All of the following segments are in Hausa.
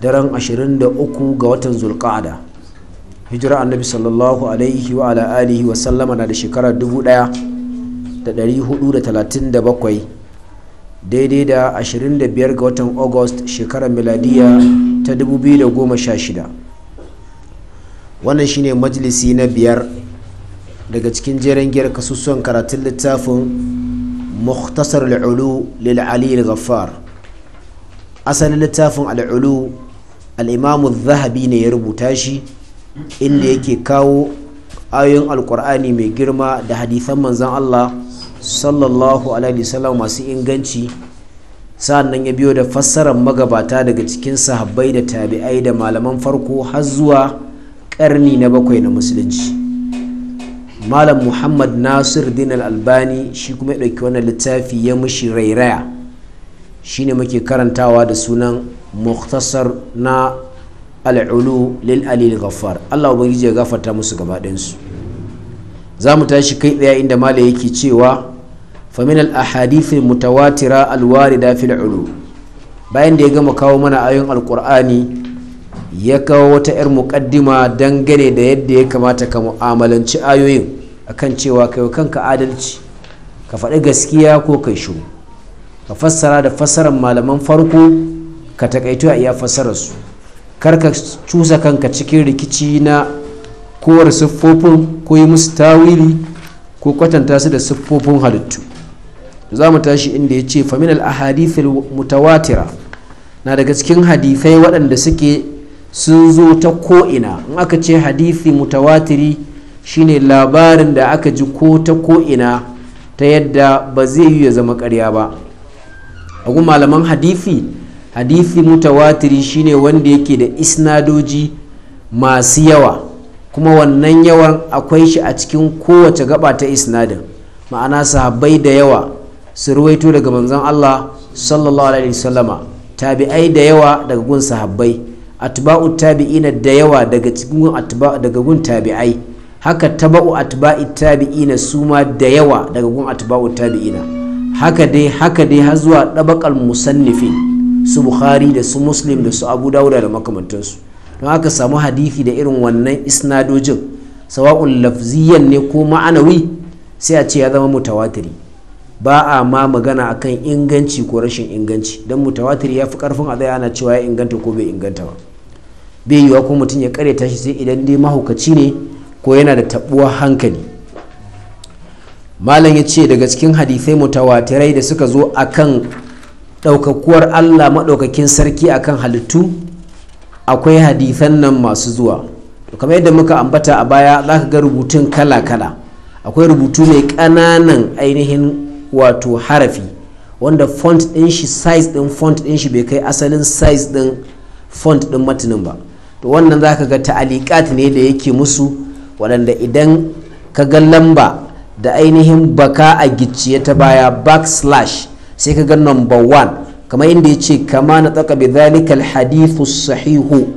daren 23 ga watan zulqa'ada hijira annabi sallallahu alaihi wa ala alihi wa sallama na da shekarar 1437 daidai da 25 ga watan august shekarar miladiya ta 2016 wannan shine majalisi na biyar daga cikin jeren giyar kasusuwan karatun littafin muktasar al'ulu lil'ali al asalin littafin al'ulu al’imamun zahabi ne ya rubuta shi inda yake kawo ayoyin alkur'ani mai girma da hadisan manzan Allah sallallahu alaihi wasallam masu inganci sannan ya biyo da fassarar magabata daga cikin sahabbai da tabi'ai da malaman farko har zuwa ƙarni na bakwai na musulunci malam muhammad nasir din albani shi kuma ya ɗauki wannan littafi ya mushi rairaya shine muke karantawa da sunan muktasar na al'ulu lil alil ghaffar Allah ubangiji ya gafarta musu gaba ɗayansu za mu tashi kai tsaya inda mala yake cewa famin al ahadith al mutawatira al warida fil ulu bayan da ya gama kawo mana ayoyin alqur'ani ya kawo wata 'yar muƙaddima dangane da yadda ya kamata ka mu'amalanci ayoyin akan cewa kai kanka adalci ka faɗi gaskiya ko kai shu ka fassara da fassarar malaman farko ka takaito a iya fassara su kar ka cusa kanka cikin rikici na kowar siffofin ko yi musu tawili ko kwatanta su da siffofin halittu za mu tashi inda ya ce faminal ahadithil mutawatira na daga cikin hadifai waɗanda suke sun zo ta ko'ina in aka ce hadithi mutawatiri shine labarin da aka ji ko ta ko'ina ta yadda ba zai yi ya zama ƙarya ba a malaman hadithi hadithi mutawatiri shine wanda yake da isnadoji masu yawa kuma wannan yawan akwai shi a cikin kowace gaba ta isnadin ma'ana sahabbai da yawa su ruwaito daga manzon Allah sallallahu alaihi wasallama tabi'ai da yawa daga gun sahabbai atba'u tabi'ina da yawa daga cikin atba'u daga gun tabi'ai haka taba'u atba'i tabi'ina suma da yawa daga gun atba'u tabi'ina haka dai haka dai har zuwa dabaqal musannifin su bukhari da su muslim da su abu dauda da makamantansu don aka samu hadithi da irin wannan isnadojin sawa'un lafziyan ne ko ma'anawi sai a ce ya zama mutawatiri ba a ma magana akan inganci ko rashin inganci don mutawatiri ya fi karfin a zai ana cewa ya inganta ko bai inganta ba bai yiwa ko mutum ya karyata shi sai idan dai mahaukaci ne ko yana da tabuwar hankali malam ya ce daga cikin hadisai mutawatirai da suka zo akan ɗaukakuwar Allah maɗaukakin sarki akan halittu akwai hadithan nan masu zuwa kamar yadda muka ambata a baya za ka ga rubutun kala-kala akwai rubutu mai ƙananan ainihin wato harafi wanda font ɗin shi size ɗin font ɗin shi bai kai asalin size ɗin font ɗin matinin ba to wannan za ka ga ta'alikat ne da yake musu waɗanda idan ka ga lamba da ainihin baka a gicciye ta baya backslash sai ka ga number one kama inda ya ce kama na tsaka bi zalikal hadithu sahihu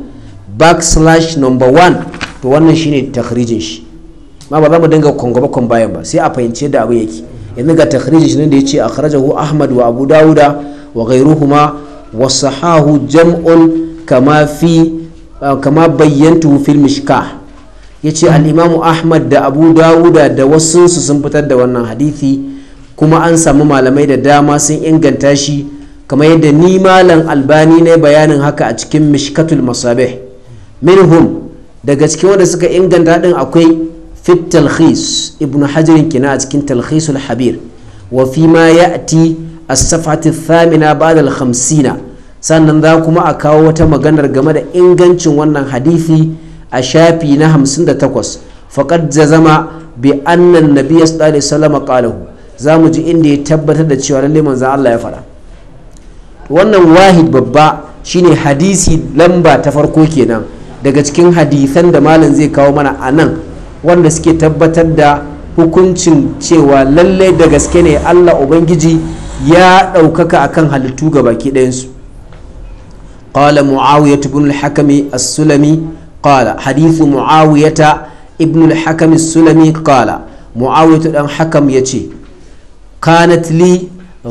backslash number one to wannan shine takhrijin shi ma ba za mu dinga kongoba bayan ba sai a fahimce da abu yake yanzu ga takhrijin shi da ya ce akhrajahu ahmad wa abu dawuda wa ghairuhuma wa sahahu jam'un kama fi kama bayyantu fil mishkah yace al-imamu ahmad da abu dawuda da wasu sun fitar da wannan hadithi kuma an samu malamai da dama sun inganta shi kamar yadda ni malam albani ne bayanin haka a cikin mishkatul masabih minhum daga cikin wanda suka inganta din akwai fit talhis ibnu kina a cikin talhisul habir wa fi ma ya'ti as-safhati thamina ba'da al sannan za kuma a kawo wata maganar game da ingancin wannan hadisi a shafi na 58 faqad jazama bi anna an-nabiy sallallahu alaihi wasallam qalahu za mu ji inda ya tabbatar da cewa lallai manzan Allah ya fara wannan wahid babba shine hadisi lamba ta farko kenan daga cikin hadisan da malam zai kawo mana a nan wanda suke tabbatar da hukuncin cewa lallai da gaske ne Allah Ubangiji ya ɗaukaka akan halittu ga baki ɗayansu sulami معاوية hadithu mu'awiyata ibn al-hakami معاوية sulami الحكم mu'awiyatu ɗan hakam ya ce. kanat li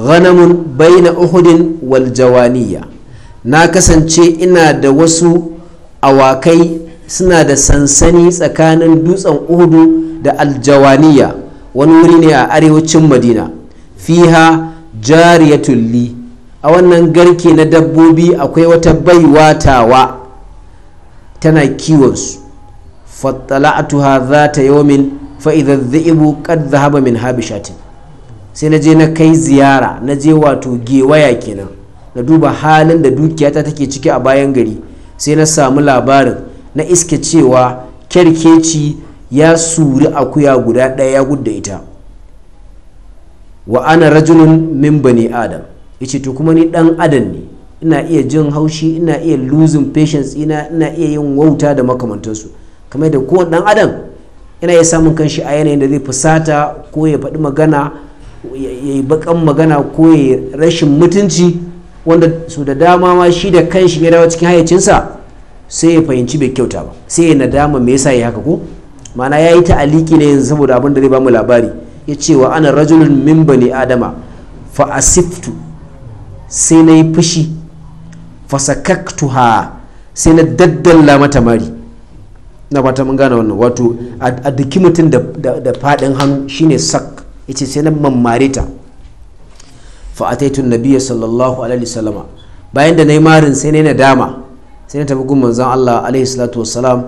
ghanamun baina uhudin wal jawaniya na kasance ina da wasu awakai suna da sansani tsakanin dutsen uhudu da aljawaniya wani wuri ne a arewacin madina fiha jariyatun li a wannan garke na dabbobi akwai wata baiwa tawa tana kiwonsu fattala'atuha za ta min fa'idar za'ibu kad zahaba min habishatin sai na je na kai ziyara na je wato gewaya kenan na duba halin da dukiyata take ciki a bayan gari sai na samu labarin na iske cewa kyarkeci ya suri akuya guda ɗaya ya gudda ita wa ana rajulun min bani adam ice to kuma ni dan adam ne ina iya jin haushi ina iya losing patience ina ina iya yin wauta da makamantansu kamar da kowane dan adam ina iya samun kanshi a yanayin da zai fusata ko ya faɗi magana ya yi bakan magana ko ya rashin mutunci wanda su da dama ma shi da kanshi ya dawo cikin hayyacinsa sai ya fahimci bai kyauta ba sai ya nadama me yasa ya haka ko ma'ana ya yi ta'aliki ne yanzu saboda abin da zai bamu labari ya ce wa ana rajulun min bani adama fa asiftu sai na yi fushi fa sakaktuha sai na daddalla mata mari na fata mun gane wannan wato a duki mutum da faɗin hannu shine sak ita sai na mammare ta fa ataitu nabiyya sallallahu alaihi bayan da nayi marin sai na yi nadama sai na tafi gun zan Allah alaihi salatu wassalam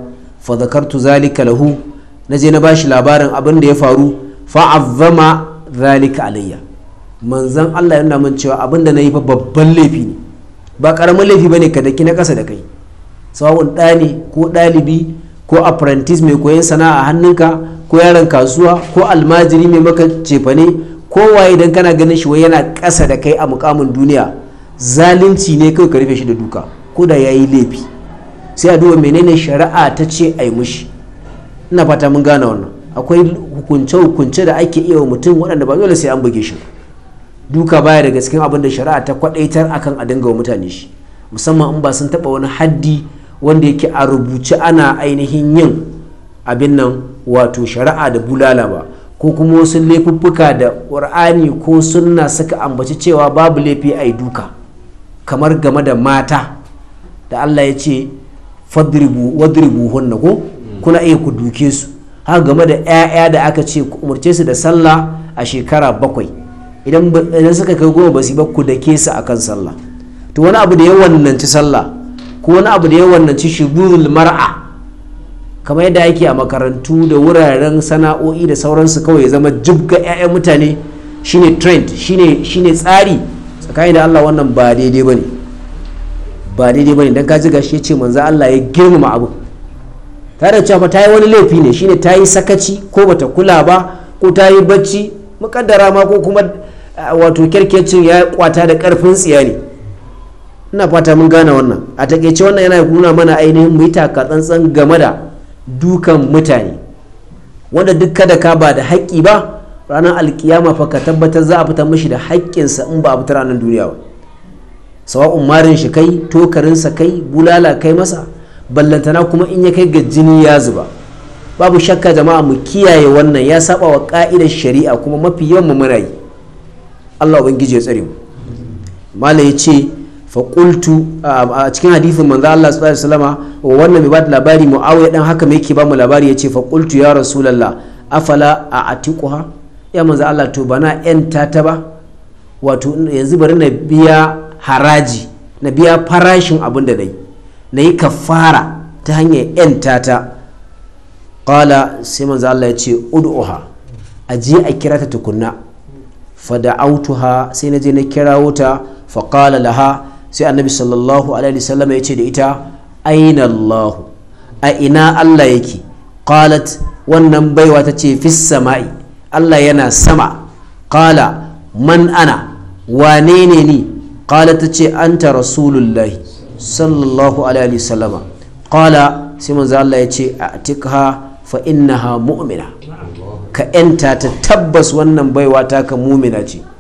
fa zakartu zalika lahu naje na bashi labarin abin da ya faru fa azzama zalika alayya manzon Allah yana min cewa abin da nayi fa babban laifi ne ba karamin laifi bane ka daki na kasa da kai sawun ɗani ko ɗalibi ko apprentice mai koyon sana'a a hannunka ko yaron kasuwa ko almajiri mai maka cefane kowa idan kana ganin shi wai yana ƙasa da kai a mukamin duniya zalunci ne kawai ka rufe shi da duka ko da yayi laifi sai a duba menene shari'a ta ce ai mushi ina fata mun gane wannan akwai hukunce hukunce da ake iya wa mutum waɗanda ba dole sai an buge shi duka baya daga cikin abin da shari'a ta kwadaitar akan a dinga wa mutane shi musamman in ba sun taba wani haddi wanda yake a rubuce ana ainihin yin abin nan wato shari'a da bulala ba ko kuma wasu laifuffuka da ƙur'ani ko sunna suka ambaci cewa babu laifi a yi duka kamar game da mata da allah ya ce wadribu hunna ko kuna iya ku duke su haka game da 'ya'ya da aka ce umarce su da sallah a shekara bakwai idan suka kai goma ba su ba ku dake su akan sallah to wani abu da ya wannanci sallah ko wani abu da ya wannanci shugurul mar'a kamar yadda ake a makarantu da wuraren sana'o'i da sauransu kawai ya zama jibga 'ya'yan mutane shine trend shine tsari tsakanin da Allah wannan ba daidai ba ne. ba daidai ba ne don kaji gashi ya ce manzo Allah ya girmama abu Ta da cewa ta yi wani laifi ne shine ta yi sakaci ko bata kula ba ko ta yi bacci mukaddara ma ko kuma wato kyarkecin ya kwata da karfin tsiya ina fata mun gane wannan a takaice wannan yana nuna mana ainihin mu yi taka game da dukan mutane wanda duk kada ka ba da haƙƙi ba ranar alkiyama fa ka tabbatar za a fitar mishi da haƙƙinsa in ba a fitar ranar duniya ba sawa'un marin shi kai tokarinsa kai bulala kai masa ballantana kuma in ya kai ga jini ya zuba babu shakka jama'a mu kiyaye wannan ya saba wa ka'idar shari'a kuma mafi yawan mu muna yi Allah ubangiji ya tsare mu malai ya ce faƙultu um, a cikin hadithin manzo Allah sallallahu alaihi wasallama wannan mai ba da labari muawiya dan haka mai yake ba mu labari yace faƙultu ya rasulullah afala a atiquha ya manzo Allah to bana yan tata ba wato yanzu bari na biya haraji na biya farashin abin da nayi nayi kafara ta hanyar yan tata qala sai manzo Allah yace ud'uha aje a kira ta tukunna fada'autuha sai na je na kirawo ta faƙala laha sai annabi sallallahu alaihi wasallam ya ce da ita aina Allah a ina Allah yake qalat wannan baiwa ta ce fis sama'i Allah yana sama qala man ana wane ne ni qala ta ce anta rasulullahi sallallahu alaihi wasallama qala sai manzo Allah ya ce atikha fa innaha mu'mina ka yanta ta tabbas wannan baiwa ka mu'mina ce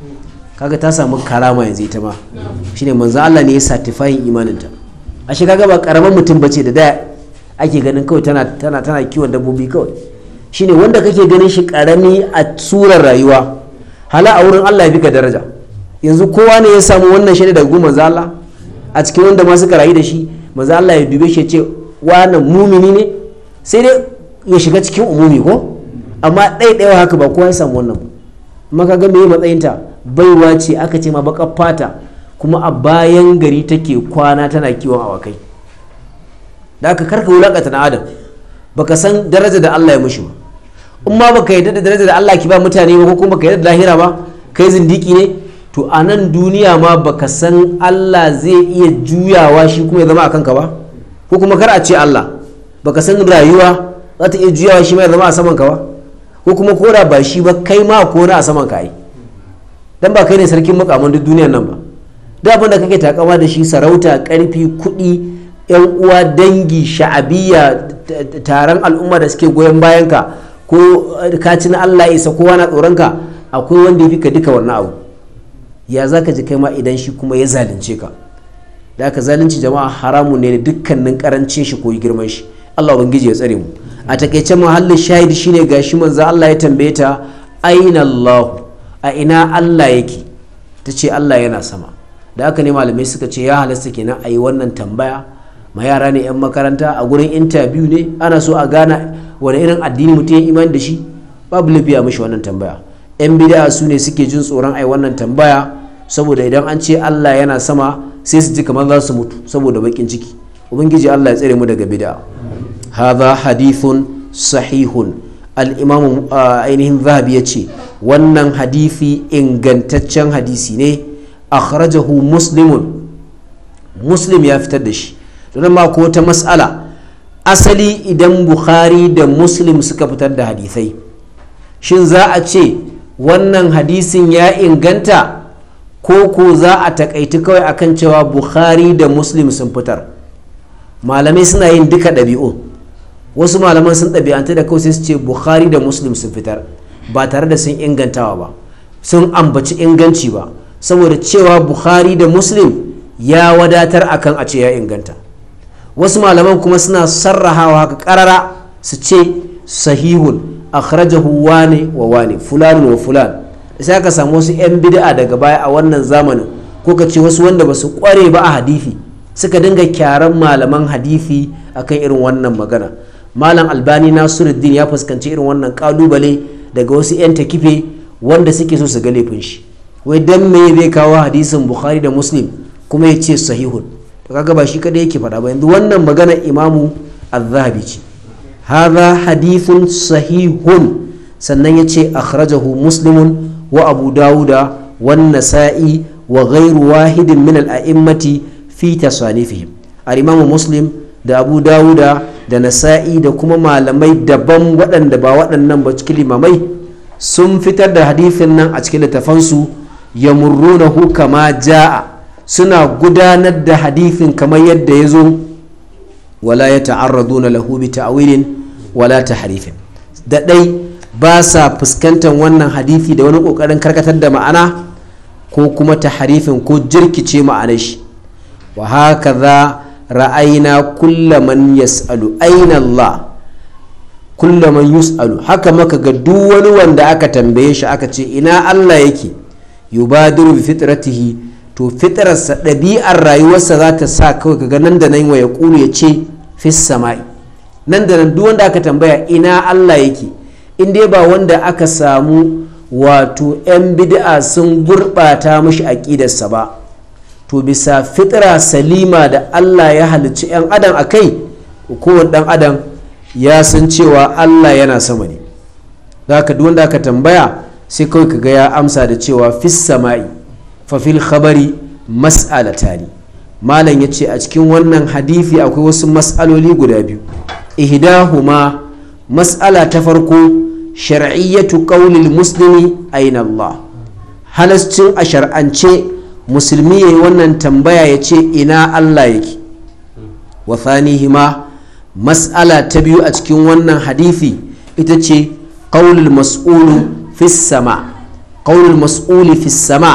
kaga ta samu karama yanzu ita ma shine manzo Allah ne ya certifying imaninta ashe kaga ba karaman mutum bace da da ake ganin kawai tana tana tana kiwon dabbobi kawai shine wanda kake ganin shi karami a tsurar rayuwa hala a wurin Allah ya fi ka daraja yanzu kowa ne ya samu wannan shaida daga gumin manzo Allah a cikin wanda ma suka rayu da shi manzo Allah ya dube shi ya ce wannan mumini ne sai dai ya shiga cikin umumi ko amma ɗaya ɗaya haka ba kowa ya samu wannan ba maka ga me matsayinta baiwa ce aka ce ma baƙar fata kuma a bayan gari take kwana tana kiwon awakai da aka karka wulakata na adam baka san daraja da Allah ya mushi ba in ma baka yarda da daraja da Allah ki ba mutane ba ko kuma baka yarda da lahira ba kai zindiki ne to a nan duniya ma baka san Allah zai iya juyawa shi kuma ya zama a kanka ba ko kuma kar a ce Allah baka san rayuwa za ta iya juyawa shi ma ya zama a saman ka ba ko kuma kora ba shi ba kai ma kora a saman ka ai dan ba kai ne sarkin makaman duk duniya nan ba da abin da kake takama da shi sarauta karfi kuɗi yan uwa dangi sha'abiyya taron al'umma da suke goyon ka ko eh, ka ci na Allah isa kowa na tsoron ka akwai wanda ya fi ka duka wannan abu ya za ka ji kai ma idan shi kuma ya zalunce ka da aka zalunci jama'a haramun ne dukkanin karancin shi ko girman shi Allah ubangiji ya tsare mu a takaice mahallin shahidi shine gashi manzo Allah ya tambaye ta aina Allahu a ina Allah yake ta ce Allah yana sama da aka ne malamai suka ce ya halasta kenan a yi wannan tambaya ma yara ne 'yan makaranta a gurin interview ne ana so a gana wani irin addini mutum ya imani da shi babu lafiya mishi wannan tambaya 'yan bid'a su ne suke jin tsoron a yi wannan tambaya saboda idan an ce Allah yana sama sai su ji kamar za su mutu saboda bakin ciki ubangiji Allah ya tsare mu daga bid'a hadha hadithun sahihun al'imamu ainihin zahabi ya ce wannan hadisi ingantaccen hadisi ne kharajahu muslimun muslim ya fitar da shi don ma ko ta mas'ala asali idan bukhari da muslim suka fitar da hadisai. shin za a ce wannan hadisin ya inganta ko ko za a takaiti kawai akan cewa bukhari da muslim sun fitar malamai suna yin duka ɗabi'un wasu malaman sun ɗabi'anta da kawai sai su ce bukhari da muslim sun fitar ba tare da sun ingantawa ba sun ambaci inganci ba saboda cewa bukhari da muslim ya wadatar akan a ce ya inganta wasu malaman kuma suna sarrahawa haka karara su ce sahihun akhrajahu wane wa wane fulani wa fulan sai ka samu wasu 'yan bida'a daga baya a wannan zamanin ko ka ce wasu wanda ba su kware ba a hadifi suka dinga kyaran malaman hadifi akan irin wannan magana malam albani nasiruddin ya fuskanci irin wannan kalubale daga wasu 'yan takife wanda suke so su ga laifin shi wai dan me zai kawo hadisin bukhari da muslim kuma ya ce sahihun to kaga ba shi kada yake faɗa ba yanzu wannan magana imamu azhabi ce hadha hadithun sahihun sannan ya ce akhrajahu muslimun wa abu dawuda wa nasa'i wa ghairu wahidin min al-a'immati fi tasanifihim al-imamu muslim da abu dawuda da nasa'i da kuma malamai daban waɗanda ba waɗannan ba cikin limamai sun fitar da hadifin nan a cikin littafansu ya murrunahu kama ja'a suna gudanar da hadifin kamar yadda ya zo wala ya ta'arraduna na bi ta'wilin wala ta harifin. da ɗai ba sa fuskantar wannan hadifi da wani ƙoƙarin karkatar da ma'ana ko kuma ta harifin ko jirkice ma'anar shi wa hakaza ra'ayina kulla man yas'alu aina Allah kulla man yus'alu haka maka ga duk wani wanda aka tambaye shi aka ce ina Allah yake yubadiru bi fitratihi to fitrarsa ɗabi'ar rayuwarsa za ta sa kawai kaga nan da nan wa ya ya ce fis sama'i nan da nan duk wanda aka tambaya ina Allah yake in dai ba wanda aka samu wato 'yan bid'a sun gurɓata mashi aƙidarsa ba to bisa fitra salima da Allah ya halicci 'yan adam a kai kowane dan adam ya san cewa Allah yana sama ne za ka wanda aka tambaya sai kawai ka ga ya amsa da cewa fis sama'i fafil khabari mas'alatani malam ya ce a cikin wannan hadifi akwai wasu mas'aloli guda biyu ihdahuma mas'ala ta farko shar'iyyatu qawlil muslimi aina Allah halascin a shar'ance musulmi ya yi wannan tambaya ya ce ina allah yake wa hima mas'ala ta biyu a cikin wannan hadithi ita ce ƙaunar mas'ulu fissama ƙaunar mas'uli fissama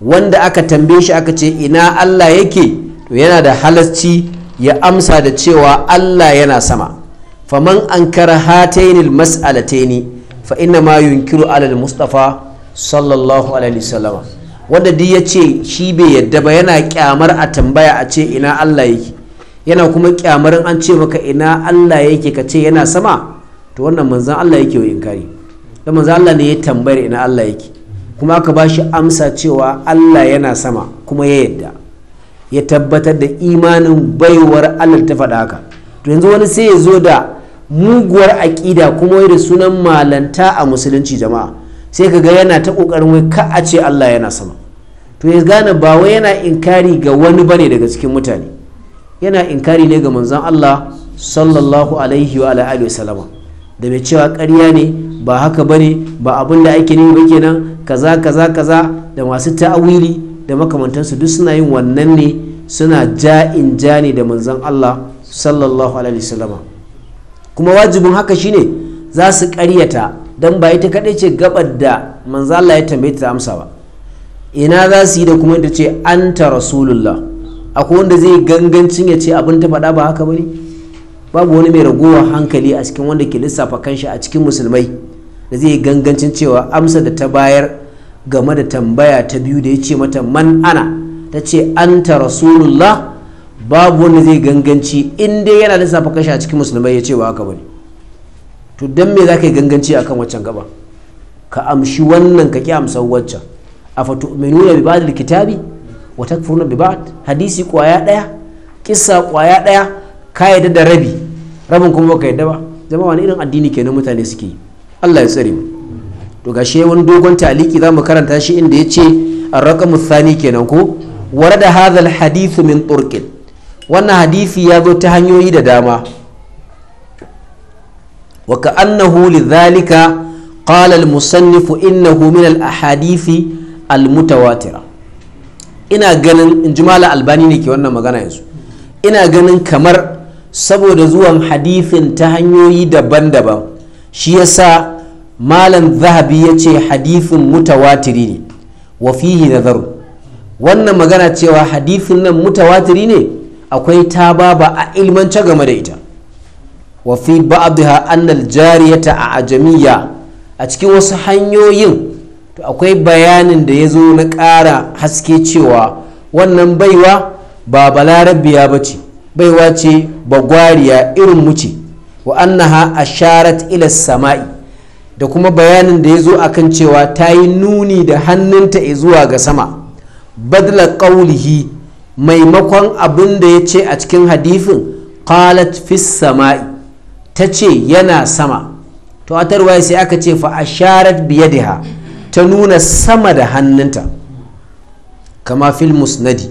wanda aka tambaye shi aka ce ina allah yake to yana da halarci ya amsa da cewa allah yana sama faman an kara hatainil mas'alataini fa inna ma yunkiru alal mustafa sallallahu alaihi wasallam wanda duk ya ce shi bai yadda ba yana kyamar a tambaya a ce ina Allah yake yana kuma kyamar an ce maka ina Allah yake ka ce yana sama to wannan manzan Allah yake wa inkari da manzan Allah ne ya tambayar ina Allah yake kuma aka ba shi amsa cewa Allah yana sama kuma ya yadda ya tabbatar da imanin baiwar Allah ta faɗa haka to yanzu wani sai ya zo da muguwar aƙida kuma da sunan malanta a musulunci jama'a sai ka ga yana ta ƙoƙarin wai ka a ce Allah yana sama to ya gane ba wai yana inkari ga wani bane daga cikin mutane yana inkari ne ga manzon Allah sallallahu alaihi wa alihi wasallama da mai cewa karya ne ba haka bane ba abin da ake nemi ba kenan kaza kaza kaza da masu ta'awili da makamantansu duk suna yin wannan ne suna ja'in ja ne da manzon Allah sallallahu alaihi wasallama kuma wajibin haka shine za su ƙaryata dan ba ita kaɗai ce gabar da manzon Allah ya tambaye ta amsa ba ina za su yi da kuma da ce an ta rasulullah akwai wanda zai gangancin ya ce abin ta faɗa ba haka ba ne babu wani mai ragowar hankali a cikin wanda ke lissafa kanshi a cikin musulmai da zai gangancin cewa amsa da ta bayar game da tambaya ta biyu da ya ce mata man ana ta ce an ta rasulullah babu wanda zai ganganci in dai yana lissafa kanshi a cikin musulmai ya ce ba haka ba ne to don me za ka yi ganganci akan waccan gaba ka amshi wannan ka ki amsa waccan afatu'minuna bi ba'd alkitabi wa takfuruna bi ba'd hadisi kwaya daya kissa kwaya daya ka yadda da rabi rabin kuma baka yadda ba zama wani irin addini kenan mutane suke yi Allah ya tsare mu to gashi wani dogon taliki zamu karanta shi inda yace ar-raqamu thani kenan ko warada hadha al-hadith min turqin wannan hadisi ya zo ta hanyoyi da dama wa ka'annahu lidhalika qala al-musannif innahu min al-ahadith almutawatira ina ganin in albani ne ke wannan magana yanzu ina ganin kamar saboda zuwan hadifin ta hanyoyi daban-daban shi yasa malam zahabi ya ce hadifin mutawatiri ne wa fihi nazaru wannan magana cewa hadifin nan mutawatiri ne akwai ta baba a ilmance game da ita wa fi ba'dha annal jariyata a ajamiya a cikin wasu hanyoyin to akwai bayanin da ya zo na ƙara haske cewa wannan baiwa ba balarabiya ba ce baiwa ce bagwariya irin muce ce wa annaha asharat ila sama'i da kuma bayanin da ya zo akan cewa ta yi nuni da hannunta zuwa ga sama badla qawlihi maimakon abin da ya ce a cikin hadifin qalat fis sama'i ta ce yana sama to a sai aka ce fa asharat biyadiha ta nuna sama da hannunta kama fil musnadi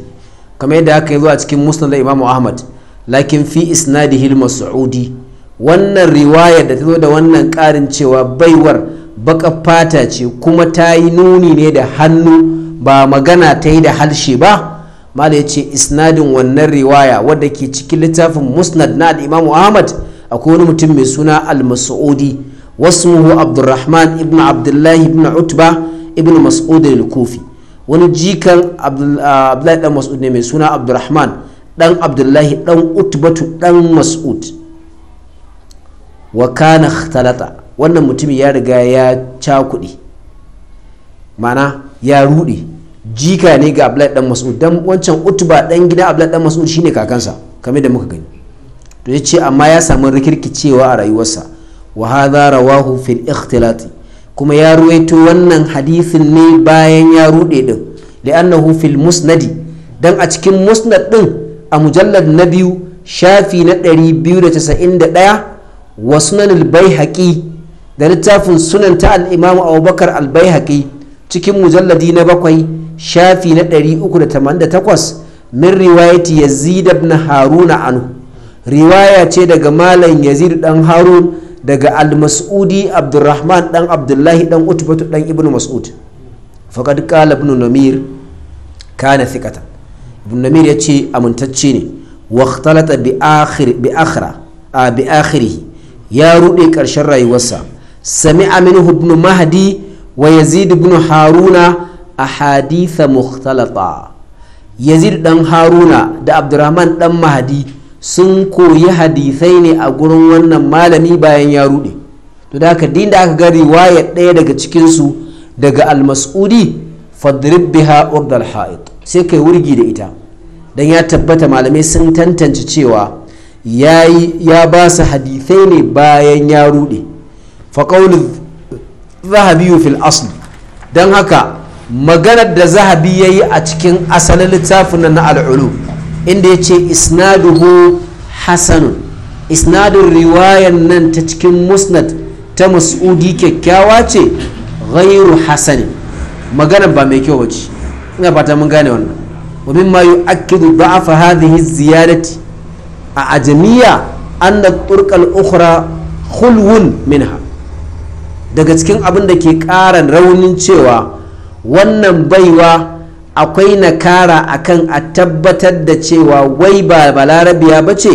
kama yadda haka ya zo a cikin musnad imamu ahmad lakin fi isnadi hilma sa'udi wannan riwaya da ta zo da wannan karin cewa baiwar baka fata ce kuma ta yi nuni ne da hannu ba magana ta yi da halshe ba mala ya ce isnadin wannan riwaya wadda ke cikin littafin musnad na al'imamu ahmad akwai wani mutum mai suna al-mas'udi واسمه عبد الرحمن ابن عبد الله ابن عتبة ابن مسعود الكوفي wani jikan abdullahi dan mas'ud ne mai suna abdurrahman dan abdullahi dan utbatu dan mas'ud wa talata wannan mutumin ya riga ya cakuɗe mana ya ruɗe jika ne ga abdullahi dan mas'ud wancan utba dan gida abdullahi dan mas'ud shine kakansa kamar da muka gani to ya ce amma ya samu rikirkicewa a rayuwarsa wa hadha rawahu fil ikhtilati kuma ya ruwaito wannan hadisin ne bayan ya rude din li'annahu fil musnadi dan a cikin musnad din a mujallad na biyu shafi na 291 wa sunan al da littafin sunan ta al-imam abubakar albaihaki cikin mujalladi na bakwai shafi na 388 min riwayati yazid na haruna anhu riwaya ce daga malam yazidu dan harun daga al-mas'udi abdurrahman dan abdullahi dan utubatu dan ibnu mas'ud faqad qala ibnu namir kana thiqatan ibnu namir yace amintacce ne wa ikhtalata bi akhir bi akhra a bi akhirih ya rude karshen rayuwarsa sami'a minhu ibnu mahdi wa yazid ibnu haruna ahaditha mukhtalata yazid dan haruna da abdurrahman dan mahdi sun koyi hadisai ne a gurin wannan malami bayan ya rude to da haka din da aka ga riwayar ɗaya daga cikinsu daga almas'udi fadrib biha urdal ha'id sai kai wurgi da ita dan ya tabbata malamai sun tantance cewa ya ba su hadithai ne bayan ya rude zahabi zahabiyu fil asl don haka maganar da zahabi yayi a cikin asalin littafin na al'ulu inda ya ce isnaduhu hasanun isnadun riwayan nan ta cikin musnad ta mas'udi kyakkyawa ce ghairu hasani magana ba mai kyau wace ina fata mun gane wannan wa mimma yu'akkidu da'afa hadhihi ziyadati a ajamiya anna turqal ukhra khulwun minha daga cikin abin da ke ƙara raunin cewa wannan baiwa akwai nakara akan a tabbatar da cewa wai ba balarabiya ba ce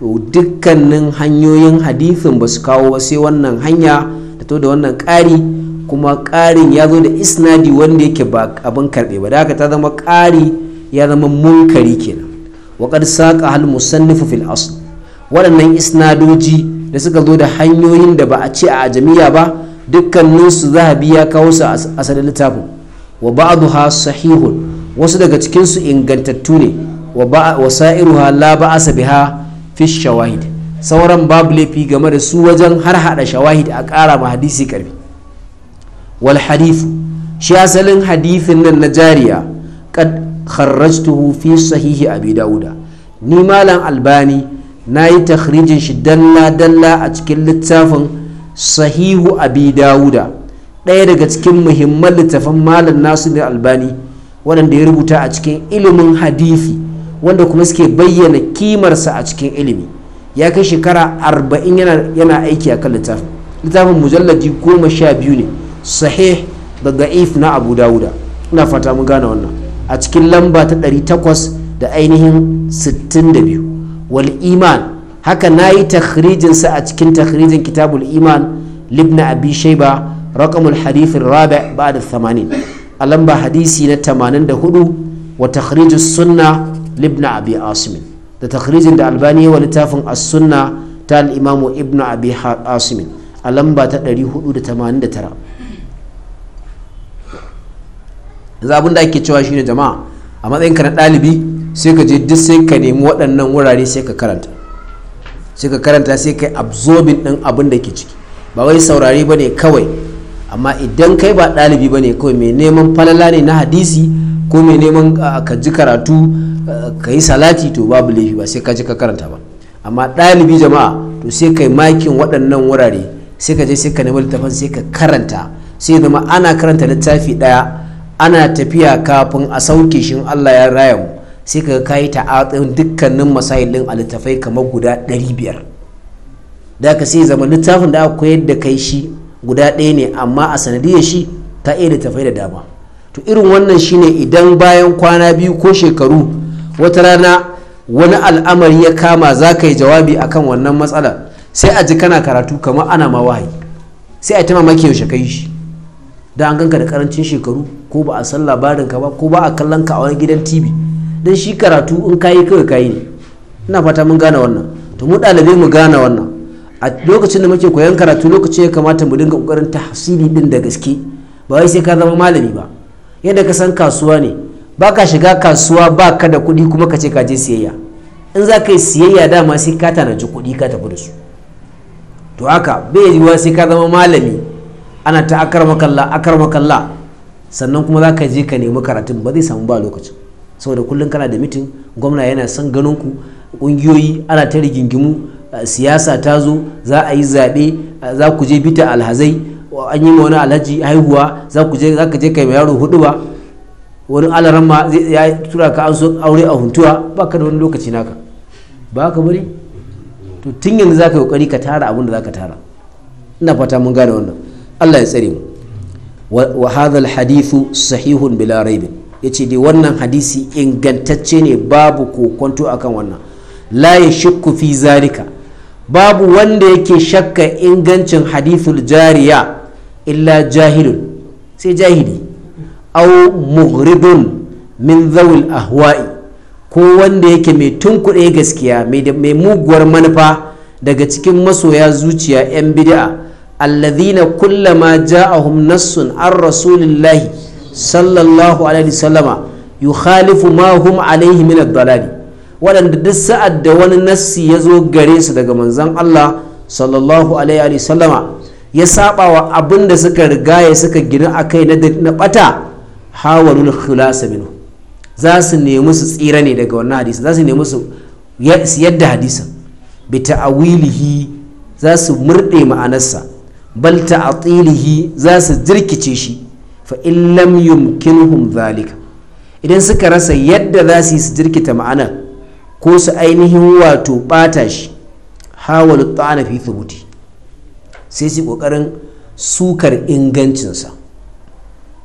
to dukkanin hanyoyin hadithin ba su kawo sai wannan hanya da to da wannan ƙari kuma ƙarin ya zo da isnadi wanda yake ba abin karɓe ba da haka ta zama ƙari ya zama munkari kenan waƙar saƙa hal musannifu fil asl waɗannan isnadoji da suka zo da hanyoyin da ba a ce a ajamiya ba dukkaninsu zahabi biya kawo su a asalin littafin wa ha sahihun wasu daga cikin su ingantattu ne wa ha la ba'asa biha fi shawahid sauran babu laifi game da su wajen har hada shawahid a ƙara ma hadisi karfe wal hadith shi asalin hadithin nan na jariya kad kharrajtuhu fi sahihi abi dauda ni malam albani nayi takhrijin shi dalla dalla a cikin littafin sahihu abi dauda ɗaya daga cikin muhimman littafan malam nasu ne albani waɗanda ya rubuta a cikin ilimin hadifi wanda kuma suke bayyana kimarsa a cikin ilimi ya kai shekara arba'in yana aiki a kan littafin littafin mujallaji goma sha biyu ne sahih da da'if na abu dawuda ina fata mun gane wannan a cikin lamba ta ɗari takwas da ainihin sittin da biyu wal iman haka na yi takhrijinsa a cikin takhrijin kitabul iman libna abi shaiba رقم الحديث الرابع بعد الثمانين ألم بحديثي نتمانين دهدو وتخريج السنة لابن أبي عاصم ده تخريج ده ألباني ولتافن السنة تال الإمام ابن أبي عاصم ألم بتدري هدو ده تمانين ده ترى إذا أبن ده كتوا شيء جماعة أما إن كانت ɗalibi sai ka je duk sai ka nemi waɗannan wurare sai ka karanta sai ka karanta sai ka absorbing ɗin abin da ke ciki ba wai saurari ba ne kawai amma idan kai ba ɗalibi ba ne kawai mai neman falala ne na hadisi ko mai neman ah, ka ji karatu ah, ka yi salati to babu laifi ba sai ka ji ka karanta ba amma ɗalibi jama'a to sai kai makin waɗannan wurare sai ka je sai ka nemi littafin sai ka karanta sai zama ana karanta littafi ɗaya ana tafiya kafin a sauke shi Allah ya raya mu sai ka kayi ta'atsin dukkanin masailin a littafai kamar guda 500 da ka sai zama littafin da aka koyar da kai shi guda ɗaya ne amma a sanadiyar shi ta iya tafai da dama to irin wannan shine idan bayan kwana biyu ko shekaru wata rana wani al'amari ya kama za ka yi jawabi a kan wannan matsala sai a ji kana karatu kamar ana ma wahayi sai a ta maki yaushe kai shi da an ganka da karancin shekaru ko ba a san labarinka ba ko ba a kallon ka a wani gidan tv don shi karatu in kayi kawai kayi ne ina fata mun gane wannan to mu ɗalibai mu gane wannan a lokacin da muke koyan karatu lokacin ya kamata mu dinga kokarin tahsili din da gaske ba wai sai ka zama malami ba yadda ka san kasuwa ne ba ka shiga kasuwa ba ka da kuɗi kuma ka ce ka je siyayya in za ka yi siyayya dama sai ka tanaji kuɗi ka tafi da su to haka bai yiwuwa sai ka zama malami ana ta akar makalla akar makalla sannan kuma za ka je ka nemi karatun ba zai samu ba lokacin saboda kullum kana da mitin gwamna yana son ganin ku ƙungiyoyi ana ta rigingimu siyasa ta zo za a yi zaɓe za ku je bita alhazai an yi wani alhaji haihuwa za ku je za ka je kai mai yaro hudu ba wani alaran ma ya tura ka an so aure a huntuwa ba ka da wani lokaci naka ba ka bari to tun yanzu za ka yi kokari ka tara abin da za ka tara ina fata mun gane wannan allah ya tsare mu wa hadha alhadithu sahihun bila raibin yace dai wannan hadisi ingantacce ne babu kokonto akan wannan la yashukku fi zalika babu wanda yake shakka ingancin hadithul jariya illa jahilun sai jahili au muhridun min zawil ahwa'i ko wanda yake mai tunkuɗe gaskiya mai muguwar manufa daga cikin masoya zuciya 'yan bid'a alladhina kullama ja'ahum nassun an rasulillahi sallallahu alaihi wasallama yukhalifu ma hum alaihi min ad-dalali waɗanda duk sa'ad da wani nassi ya zo gare su daga manzan Allah sallallahu alaihi sallama ya saba wa abin da suka rigaya suka gina a kai na bata hawalul khulasa minu za su nemi su tsira ne daga wannan hadisin za su nemi su yadda hadisin bi ta'awilihi za su murɗe ma'anarsa bal ta'atilihi za su jirkice shi fa in lam yumkinhum zalika idan suka rasa yadda za su yi su jirkita ma'anar ko su ainihin wato bata shi hawalu ta'ana fi thubuti sai su kokarin sukar ingancinsa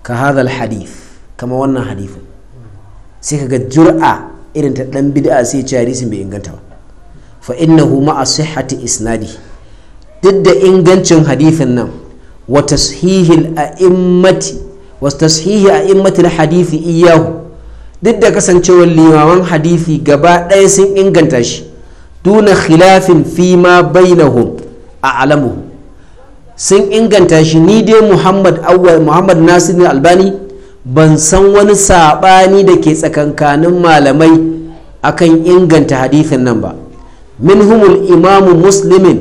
ka hadal kama wannan hadifu sai kaga jur'a irin ta dan bid'a sai ya hadisi bai inganta ba fa innahu ma'a sihhati isnadi duk da ingancin hadifin nan wa tashihil a'immati wa tashihi a'immati al iyahu duk da kasancewar limaman hadithi gaba ɗaya sun inganta shi duna khilafin fi ma bainahum a alamu sun inganta shi ni dai muhammad awwal muhammad nasir albani ban san wani saɓani da ke tsakankanin malamai akan inganta hadithin nan ba minhumul imamu muslimin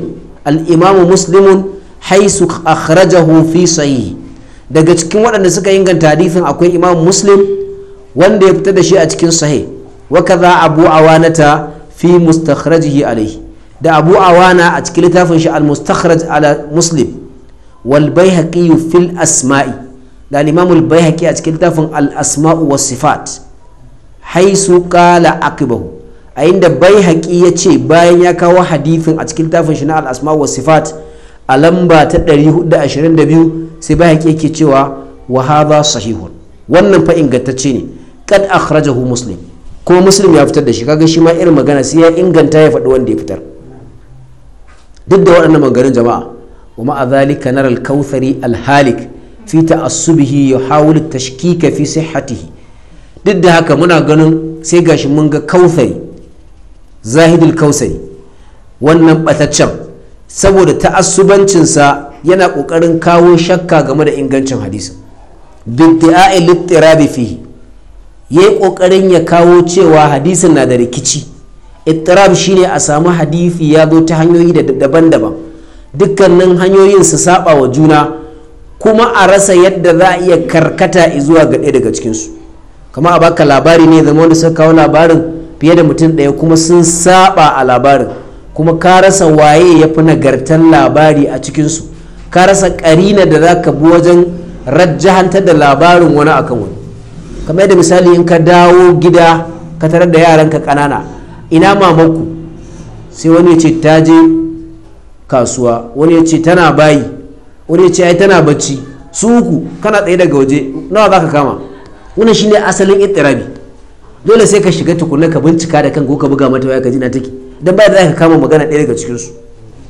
al-imamu muslimun haisu akhrajahu fi sahihi daga cikin waɗanda suka inganta hadithin akwai imam muslim wanda ya fita da shi a cikin sahih wa kaza abu awanata fi mustakhrajihi alayhi da abu awana a cikin littafin shi al mustakhraj ala muslim wal baihaqi fil asma'i da al imam a cikin littafin al asma'u was sifat haisu qala aqibahu a inda baihaqi ya ce bayan ya kawo hadifin a cikin littafin shi na al asma'u was sifat a lamba ta 422 sai baihaqi yake cewa wa hadha sahihun wannan fa ingantacce ne kad akhrajahu muslim Ko muslim ya fitar da shi kaga shi ma irin magana sai ya inganta ya faɗi wanda ya fitar duk da waɗannan maganganun jama'a wa ma'a zalika nara al-kautsari al-halik fi ta'assubihi yuhawilu tashkika fi sihhatihi duk da haka muna ganin sai gashi mun ga kautsari zahidul kautsari wannan bataccen saboda ta'assubancinsa yana ƙoƙarin kawo shakka game da ingancin hadisin bidda'a littirabi fihi ya yi ƙoƙarin ya kawo cewa hadisin na da rikici ittirab shine a samu hadisi ya zo ta hanyoyi da daban-daban dukkanin hanyoyin su saba wa juna kuma a rasa yadda za a iya karkata zuwa ga ɗaya daga cikinsu kama a baka labari ne zama wanda suka kawo labarin fiye da mutum ɗaya kuma sun saba a labarin kuma ka rasa waye ya fi nagartan labari a cikinsu ka rasa ƙarina da za ka bi wajen rajjahantar da labarin wani akan wani kamar da misali in ka dawo gida ka tarar da yaranka kanana ina mamanku sai wani ya ce ta je kasuwa wani ya ce tana bayi wani ya ce ai tana bacci su uku kana tsaye daga waje nawa za ka kama wannan shine asalin itirabi dole sai ka shiga tukunna ka bincika da kanka ko ka buga mata waya ka ji na take dan ba za ka kama magana ɗaya daga cikin cikinsu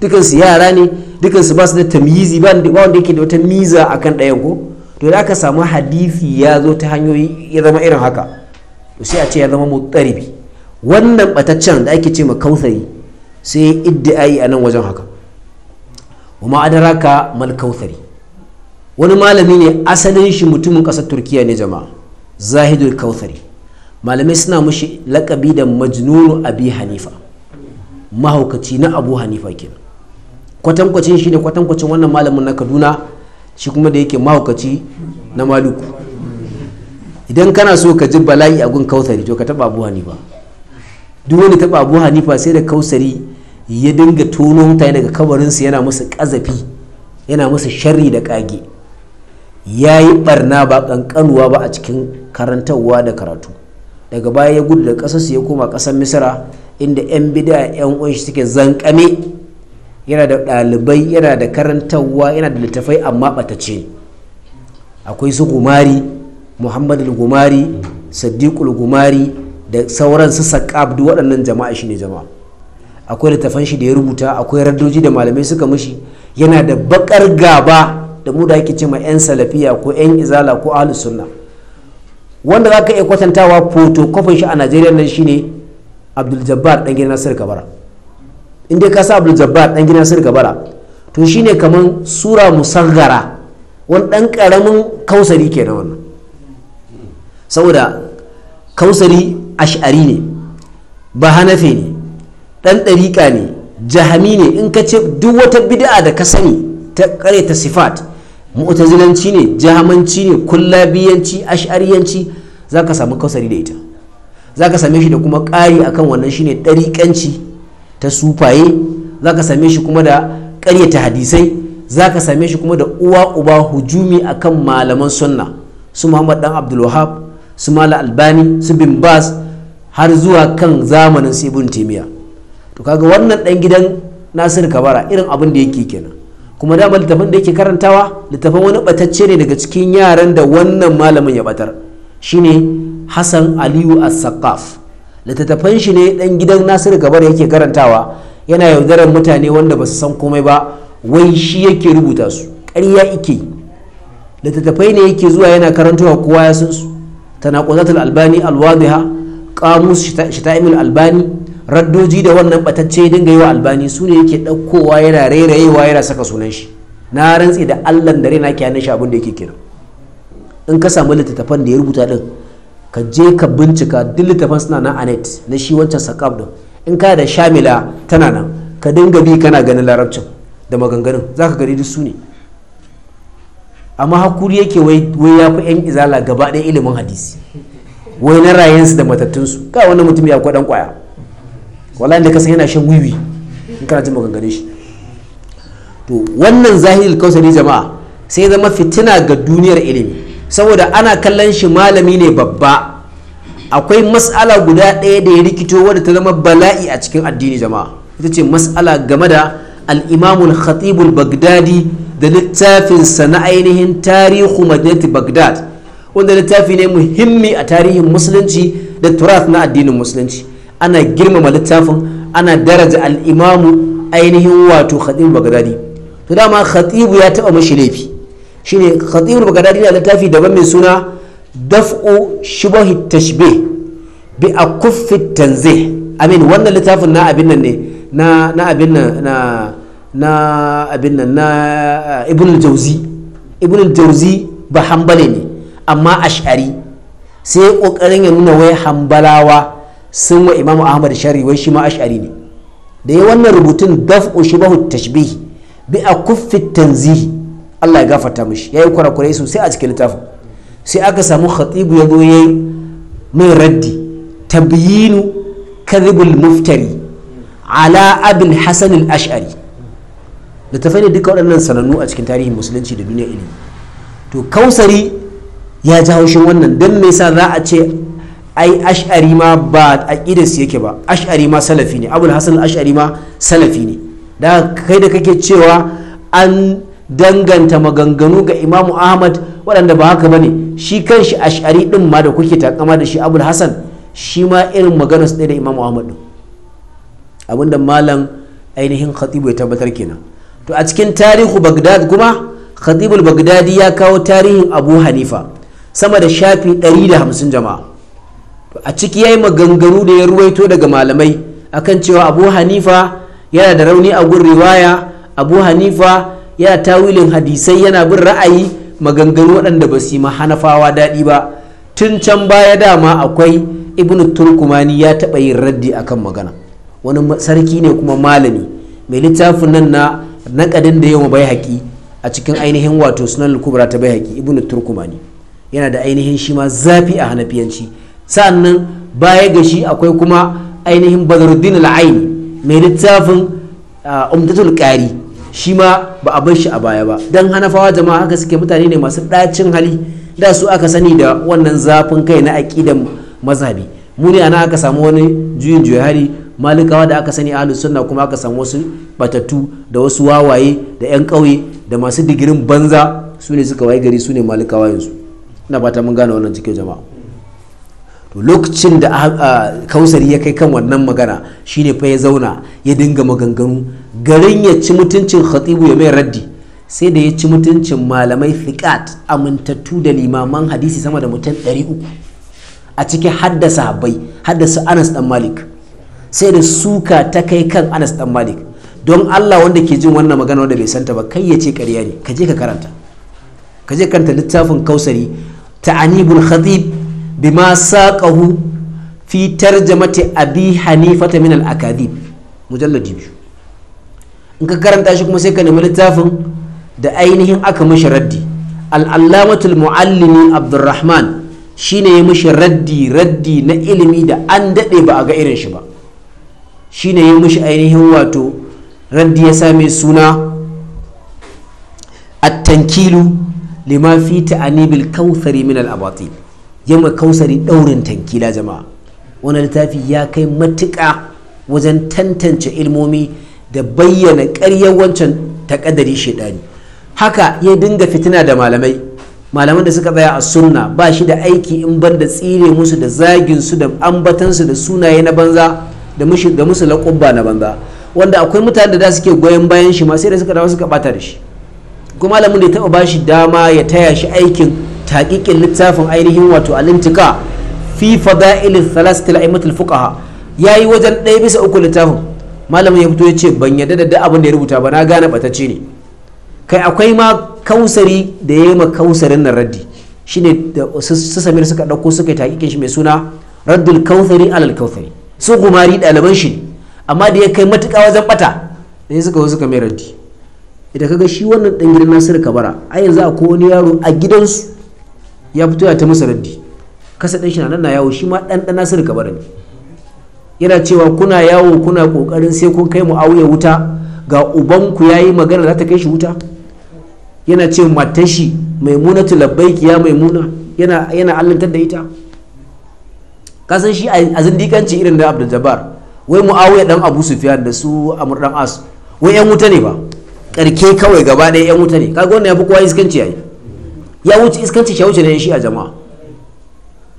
dukansu yara ne dukansu ba su da tamyizi ba wanda yake da wata miza akan ɗayan ko to da aka samu hadisi ya zo ta hanyoyi ya zama irin haka to sai a ce ya zama mutsaribi wannan bataccen da ake ce ma kausari sai iddi'ai a nan wajen haka wa ma adaraka mal kausari wani malami ne asalin shi mutumin ƙasar turkiya ne jama'a zahidul kausari malamai suna mushi lakabi da majnunu abi hanifa mahaukaci na abu hanifa kenan kwatankwacin shi ne kwatankwacin wannan malamin na kaduna shi kuma da yake mahaukaci na maluku idan kana so ka ji bala'i a gun kausari to ka taba abu hanifa duk wani taba abu hanifa sai da kausari ya dinga tono mutane daga kabarinsu yana musu kazafi yana musu sharri da kage ya yi barna ba kankanuwa ba a cikin karantarwa da karatu daga baya ya gudu da ƙasarsu ya koma ƙasar misira inda 'yan bida 'yan shi suke zankame yana da ɗalibai yana da karantarwa yana da littafai amma batace. akwai su gumari muhammadu gumari sadiqul gumari da sauran su saƙab duk waɗannan jama'a shi ne jama'a akwai littafan shi da ya rubuta akwai radoji da malamai suka mushi yana da bakar gaba da mu da ake ce ma 'yan salafiya ko 'yan izala ko ahlus sunna wanda zaka iya kwatantawa photocopy shi a najeriya nan shine abdul jabbar dan gidan nasir kabara in dai ka sa abdul jabbar dan gidan sir gabara to shine kaman sura musaggara wani dan karamin kausari ke da wannan saboda kausari ash'ari ne ba hanafe ne ɗan ɗariƙa ne jahami ne in ka ce duk wata bida'a da ka sani ta ta sifat mu'tazilanci ne jahamanci ne kullabiyanci ash'ariyanci zaka samu kausari da ita zaka same shi da kuma ƙari akan wannan shine ɗariƙanci ta sufaye za ka same shi kuma da ƙaryata hadisai za ka same shi kuma da uwa uba hujumi akan malaman sunna su muhammad dan abdulwahab su mala albani su bin bas har zuwa kan zamanin su ibn to kaga wannan dan gidan nasir kabara irin abin da yake kenan kuma dama littafin da yake karantawa littafin wani batacce ne daga cikin yaran da wannan malamin ya batar shine hasan aliyu as-saqaf littattafan shi ne dan gidan nasiru gabar yake karantawa yana yaudarar mutane wanda ba su san komai ba wai shi yake rubuta su ƙarya ike littattafai ne yake zuwa yana karantawa kowa ya san su tanaquzatul albani alwadiha qamus shita'imul albani raddoji da wannan batacce dinga yi albani su ne yake ɗaukowa yana rairayewa yana saka sunan shi na rantse da allan da raina ke shi abin da yake kira in ka samu littattafan da ya rubuta din ka je ka bincika duk littafan suna nan anet na shi wancan sakab din in ka da shamila tana nan ka dinga bi kana ganin larabcin da maganganun za ka gari duk su ne amma hakuri yake wai ya fi yan izala gaba ɗaya ilimin hadisi wai na rayansu da matattunsu ga wannan mutum ya kwaɗan kwaya wala da kasan yana shan wiwi in kana jin maganganun shi to wannan zahiril kausari jama'a sai zama fitina ga duniyar ilimi saboda ana kallon shi malami ne babba akwai mas'ala guda ɗaya da ya rikito wadda ta zama bala'i a cikin addini jama'a ita ce mas'ala game da al'imamul khatibul bagdadi da littafinsa na ainihin tarihu madinati bagdad wanda littafi ne muhimmi a tarihin musulunci da turas na addinin musulunci ana girmama littafin ana daraja al'imamu ainihin wato khatibul bagdadi to dama khatibu ya taɓa mashi laifi shine khatibul bagdadi na littafi daban mai suna daf'u shubahi tashbih bi akuffi tanzih amin wannan littafin na abin nan ne na na abin nan na na abin nan na eh, ibn al-jawzi ibn al-jawzi ba hanbali ne amma ash'ari sai kokarin ya nuna wai hambalawa sun wa imam ahmad shari wai shi ma ash'ari ne da ya wannan rubutun daf'u shubahu tashbih bi akuffi tanzih Allah ya gafarta mishi yayi kurakurai sosai a cikin littafin sai aka samu khatibu ya zo yayi mai raddi tabyinu kadhibul muftari ala abin hasan al-ash'ari littafai ne duka waɗannan sanannu a cikin tarihin musulunci da duniya ilimi to kausari ya ji haushin wannan don me sa za a ce ai ash'ari ma ba aqidarsu yake ba ash'ari ma salafi ne abul hasan ash'ari ma salafi ne da kai da kake cewa an danganta maganganu ga imamu ahmad waɗanda ba haka ba ne shi kanshi ash'ari ɗin ma da kuke takama da shi abul hasan shi ma irin maganar su ɗaya da imamu ahmad ɗin abinda malam ainihin khatibu ya tabbatar kenan to a cikin tarihu bagdad kuma khatibul bagdadi ya kawo tarihin abu hanifa sama da shafi ɗari da hamsin jama'a To a ciki yayi maganganu da ya ruwaito daga malamai akan cewa abu hanifa yana da rauni a gun riwaya abu hanifa yana tawilin hadisai yana bin ra'ayi maganganu waɗanda ba su yi hanafawa daɗi ba tun can baya dama akwai ibn turkumani ya taɓa yin raddi a kan magana wani sarki ne kuma malami mai littafin nan na naƙadin da yawa bai haƙi a cikin ainihin wato sunan kubra ta bai haƙi ibn turkumani yana da ainihin shi ma zafi a hanafiyanci sa'annan baya ga shi akwai kuma ainihin badaruddin al'aini mai littafin umdatul ƙari shi ma ba a bar shi a baya ba dan hanafawa jama'a haka suke mutane ne masu ɗacin hali da su aka sani da wannan zafin kai na aƙidan mazhabi mu ana aka samu wani juyin juya hali malikawa da aka sani ahlus sunna kuma aka samu wasu batattu da wasu wawaye da yan ƙauye da masu digirin banza su ne suka waye gari su ne malikawa yanzu ina fata mun gane wannan cikin jama'a lokacin da kausari ya kai kan wannan magana shine fa ya zauna ya dinga maganganu garin ya ci mutuncin khatibu ya mai raddi sai da ya ci mutuncin malamai thiqat amintattu da limaman hadisi sama da mutum 300 a cikin haddasa habbai haddasa anas dan malik sai da suka ta kai kan anas dan malik don allah wanda ke jin wannan magana wanda bai santa ba kai ya ce karya ne ka je ka karanta ka je karanta littafin kausari ta'anibul khatib bima saqahu fi tarjamati abi hanifata min al-akadib mujalladi biyu in ka karanta shi kuma sai ka nemi littafin da ainihin aka mashi raddi al'allamatul muallimi abdurrahman shine ya mashi raddi raddi na ilimi da an daɗe ba a ga irin shi ba shine ya mashi ainihin wato raddi ya same suna attankilu tankilu lima fi ta'anibil kautsari min al-abatil yamma kausari daurin tankila jama'a wani littafi ya kai matuƙa wajen tantance ilmomi da bayyana ƙaryar wancan takadari shaidani haka ya dinga fitina da malamai malaman da suka tsaya a sunna ba shi da aiki in ban da tsire musu da zagin su da ambatansu da sunaye na banza da musu laƙubba na banza wanda akwai mutane da suke goyon bayan shi ma sai da suka dawo suka bata da shi kuma malamin da ya taba bashi dama ya taya shi aikin taƙiƙin littafin ainihin wato alimtika fi fada'il thalathati al fuqaha yayi wajen ɗaya bisa uku littafin malamin ya fito ya ce ban yadda da abin da ya rubuta ba na gane batacce ne kai akwai ma kausari da ya yi ma kausarin nan raddi ne da su samir suka ɗauko suka yi taƙiƙin shi mai suna raddul kautsari alal kautsari su gumari ɗaliban shi amma da ya kai matuƙa wajen ɓata da suka wasu suka mai raddi ita kaga shi wannan ɗan gidan nasiru kabara a yanzu a wani yaro a gidansu ya fito ya ta masa raddi kasa ɗan shi na nan na yawo shi ma ɗan ɗan nasiru kabara ne yana cewa kuna yawo kuna kokarin sai kun kai muawiya wuta ga ubanku yayi magana za ta kai shi wuta yana ce matashi mai muna labbaiki ya muna? yana yana allantar da ita kasan shi a zindikanci irin da abdul jabbar wai muawiya dan abu sufyan da su amr dan as wai yan wuta ne ba karke kawai gaba ɗaya yan wuta ne kaga wannan ya fi kowa iskanci yayi ya wuce iskanci shi wuce ne shi a jama'a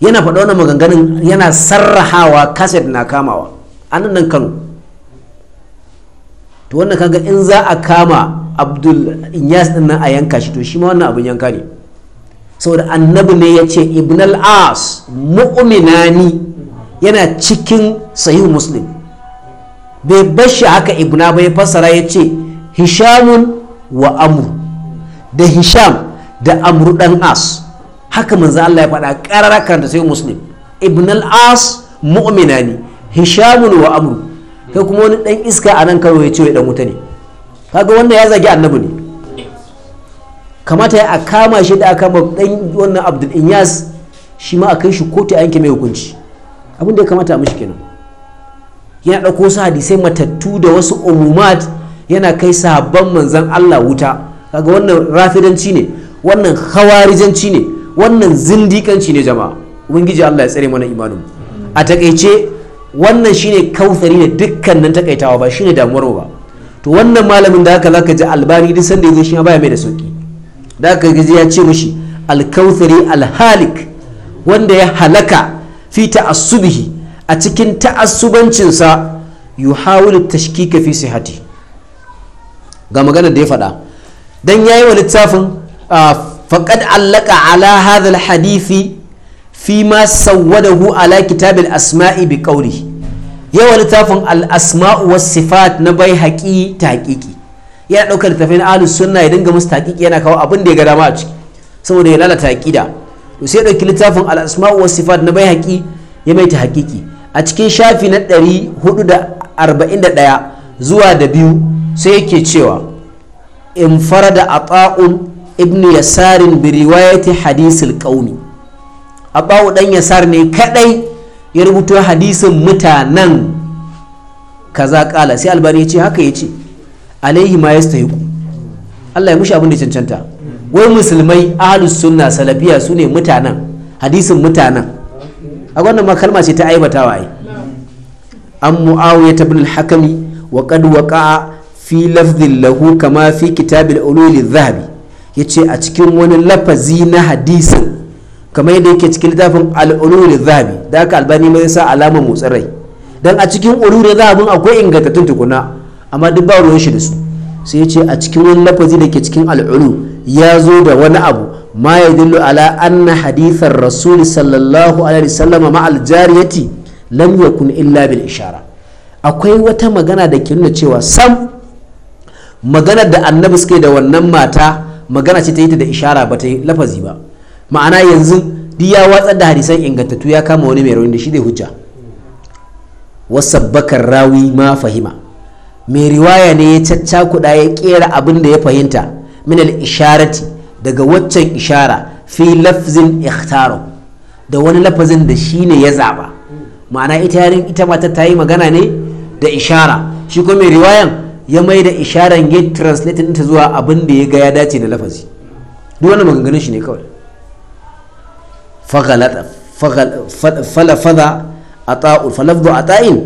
yana faɗa wannan maganganun yana sarrahawa kaset na kamawa an nan kano to wannan kaga in za a kama abdul inyas din nan a yanka shi to shi ma wannan abin yanka ne saboda annabi ne ya ce ibn al-as mu'minani yana cikin sahih muslim bai bashi haka ibna ba ya fassara ya ce hishamun wa amru da hisham da amru dan as haka manzo Allah ya faɗa ƙarara karanta sai muslim ibn al-as mu'mina ne hishamun wa amru kai kuma wani ɗan iska a nan karo ya ce dan wuta ne kaga wannan ya zagi annabi ne kamata ya a kama shi da aka dan wannan abdul inyas shi ma a kai shi kotu a yanke mai hukunci abin da ya kamata a mishi kenan yana ɗauko su hadisai matattu da wasu umumat yana kai sabban manzan Allah wuta kaga wannan rafidanci ne wannan hawarijanci ne wannan zindikanci ne jama'a ubangiji Allah ya tsare mana imanin a takaice wannan shine kautsari da nan takaitawa ba shine damuwar ba to wannan malamin da haka zaka ji albani duk sanda yazo shi baya mai da sauki da haka gaji ya ce mishi alkautsari alhalik wanda ya halaka fi ta'assubihi a cikin ta'assubancinsa yuhawilu tashkika fi sihati ga magana da ya faɗa dan yi wa littafin ah, faƙad allaka ala hadhal hadithi fi ma sawwadahu ala kitabil asma'i bi ƙauri yawan littafin al wasu was sifat na bai haƙi taƙiƙi yana ɗaukar littafin ahlus suna ya dinga musu taƙiƙi yana kawo abin da ya gada dama a ciki saboda ya lalata da. to sai ɗauki littafin al-asma'u was sifat na bai haƙi ya mai ta haƙiƙi a cikin shafi na ɗari ɗaya zuwa da biyu sai yake cewa in a ata'un ibn yasarin bi riwayati hadisul qaumi abawu dan yasar ne kadai ya rubuto hadisin mutanen kaza kala sai albani ya ce haka ya ce alaihi ma yastahiqu Allah ya mushi abin da cancanta wai musulmai ahlus sunna salafiya su ne mutanen hadisin mutanen a wannan ma kalma ce ta aibatawa ai an mu'awiyah ta bin hakami wa qad waqa'a fi lafdhin lahu kama fi kitabin al zahabi ya ce a cikin wani lafazi na hadisin kamar yadda yake cikin littafin al'ulul zabi da aka albani mai sa alamar motsin rai dan a cikin ulul zabin akwai ingantattun tukuna amma duk ba ruwan shi da su sai ya ce a cikin wani lafazi da ke cikin al'ulu ya zo da wani abu ma ya dillo ala anna hadithan rasul sallallahu alaihi wasallam ma aljariyati lam yakun illa bil ishara akwai wata magana da ke nuna cewa sam maganar da annabi suke da wannan mata magana ce ta yi ta da ishara ba ta lafazi ba ma'ana yanzu duk ya watsar da hadisan ingantattu ya kama wani mai rauni da shi zai hujja bakar rawi ma fahima mai riwaya ne ya caccakuɗa ya kera abin da ya fahimta minal isharati daga waccan ishara fi lafzin ikhtaro da wani lafazin da shi ne ya zaba ma'ana ita yarin mata ta yi magana ne da ishara shi kuma mai riwayan ya mai da isharar ya translating ta zuwa abin da ya ga ya dace da lafazi duk wani maganganun shi ne kawai falafada a ta'ul falafdu a ta'in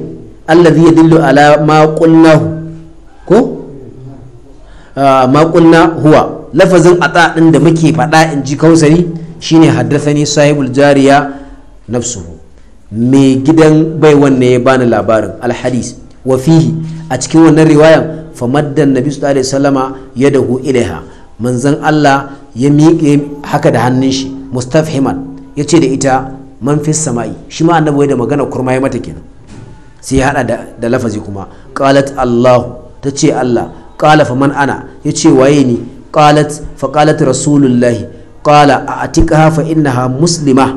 allazi ya dillu ala maƙulnahu ko ah, maƙulna huwa lafazin a ɗin da muke faɗa in ji kausari shine haddathani sahibul jariya nafsuhu mai gidan bai wanne ya bani labarin alhadis wa fihi a cikin wannan riwayan famaddan nabi sallallahu alaihi wasallama yadahu ilaiha manzon Allah ya miƙe haka da hannun shi mustafhiman yace da ita man fi sama'i shi ma annabi da magana kurma ya mata kenan sai ya hada da, lafazi kuma qalat Allah ta ce Allah qala man ana yace waye ni qalat fa qalat rasulullahi qala a'tiqha fa innaha muslima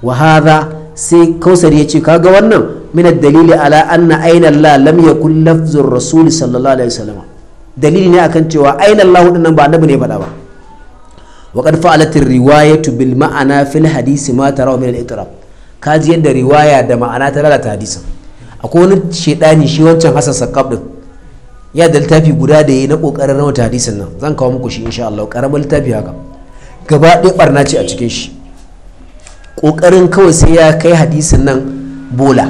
wa hadha sai kausar ya ce kaga wannan min dalili ala anna aina Allah lam lafzur rasul sallallahu alaihi wasallam dalili ne akan cewa aina Allah ba annabi ne faɗa ba wa qad fa'alat riwayatu bil ma'ana fil hadisi ma tara min al-itrab kaji yadda riwaya da ma'ana ta lalata hadisin akwai wani shedani shi wancan Hassan Sakab din ya da littafi guda da yayi na kokarin rawata hadisin nan zan kawo muku shi insha Allah karamin littafi haka gaba ɗaya barna ce a cikin shi kokarin kawai sai ya kai hadisin nan bola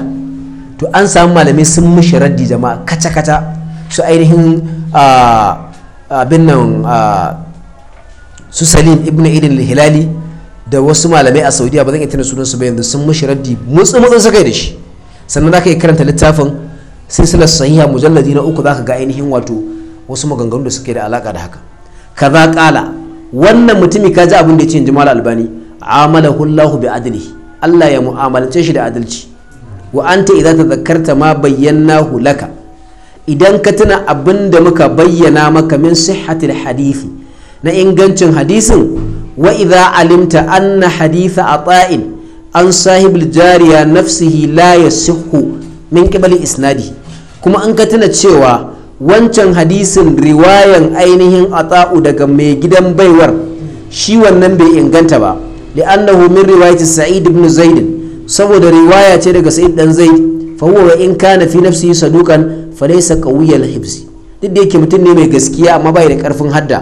to an samu malamai sun mishi raddi jama'a kaca-kaca su ainihin abin su salim ibn idin hilali da wasu malamai a saudiya ba zan iya tuna sunan su ba yanzu sun mishi raddi mutsu mutsu suka yi da shi sannan za ka yi karanta littafin silsilar sahiha mujalladi na uku za ka ga ainihin wato wasu maganganu da suke da alaka da haka kaza kala wannan mutumi ka ji abin da ya ce in ji albani amalahu Allah bi adli Allah ya mu'amalance shi da adalci wa anta idza tadhakkarta ma bayyanahu laka idan ka tuna abin da muka bayyana maka min sihhatil hadisi na ingancin hadisin wa idza alimta anna haditha ata'in an sahibul jariya nafsihi la yasihhu min qibali isnadi kuma an ka tuna cewa wancan hadisin riwayan ainihin ata'u daga mai gidan baiwar shi wannan bai inganta ba li'annahu min riwayati sa'id ibn zaid saboda riwaya ce daga sa'id dan zaid fa huwa in kana fi nafsihi sadukan fa laysa qawiyal hibsi duk da yake mutum ne mai gaskiya amma bai da karfin hadda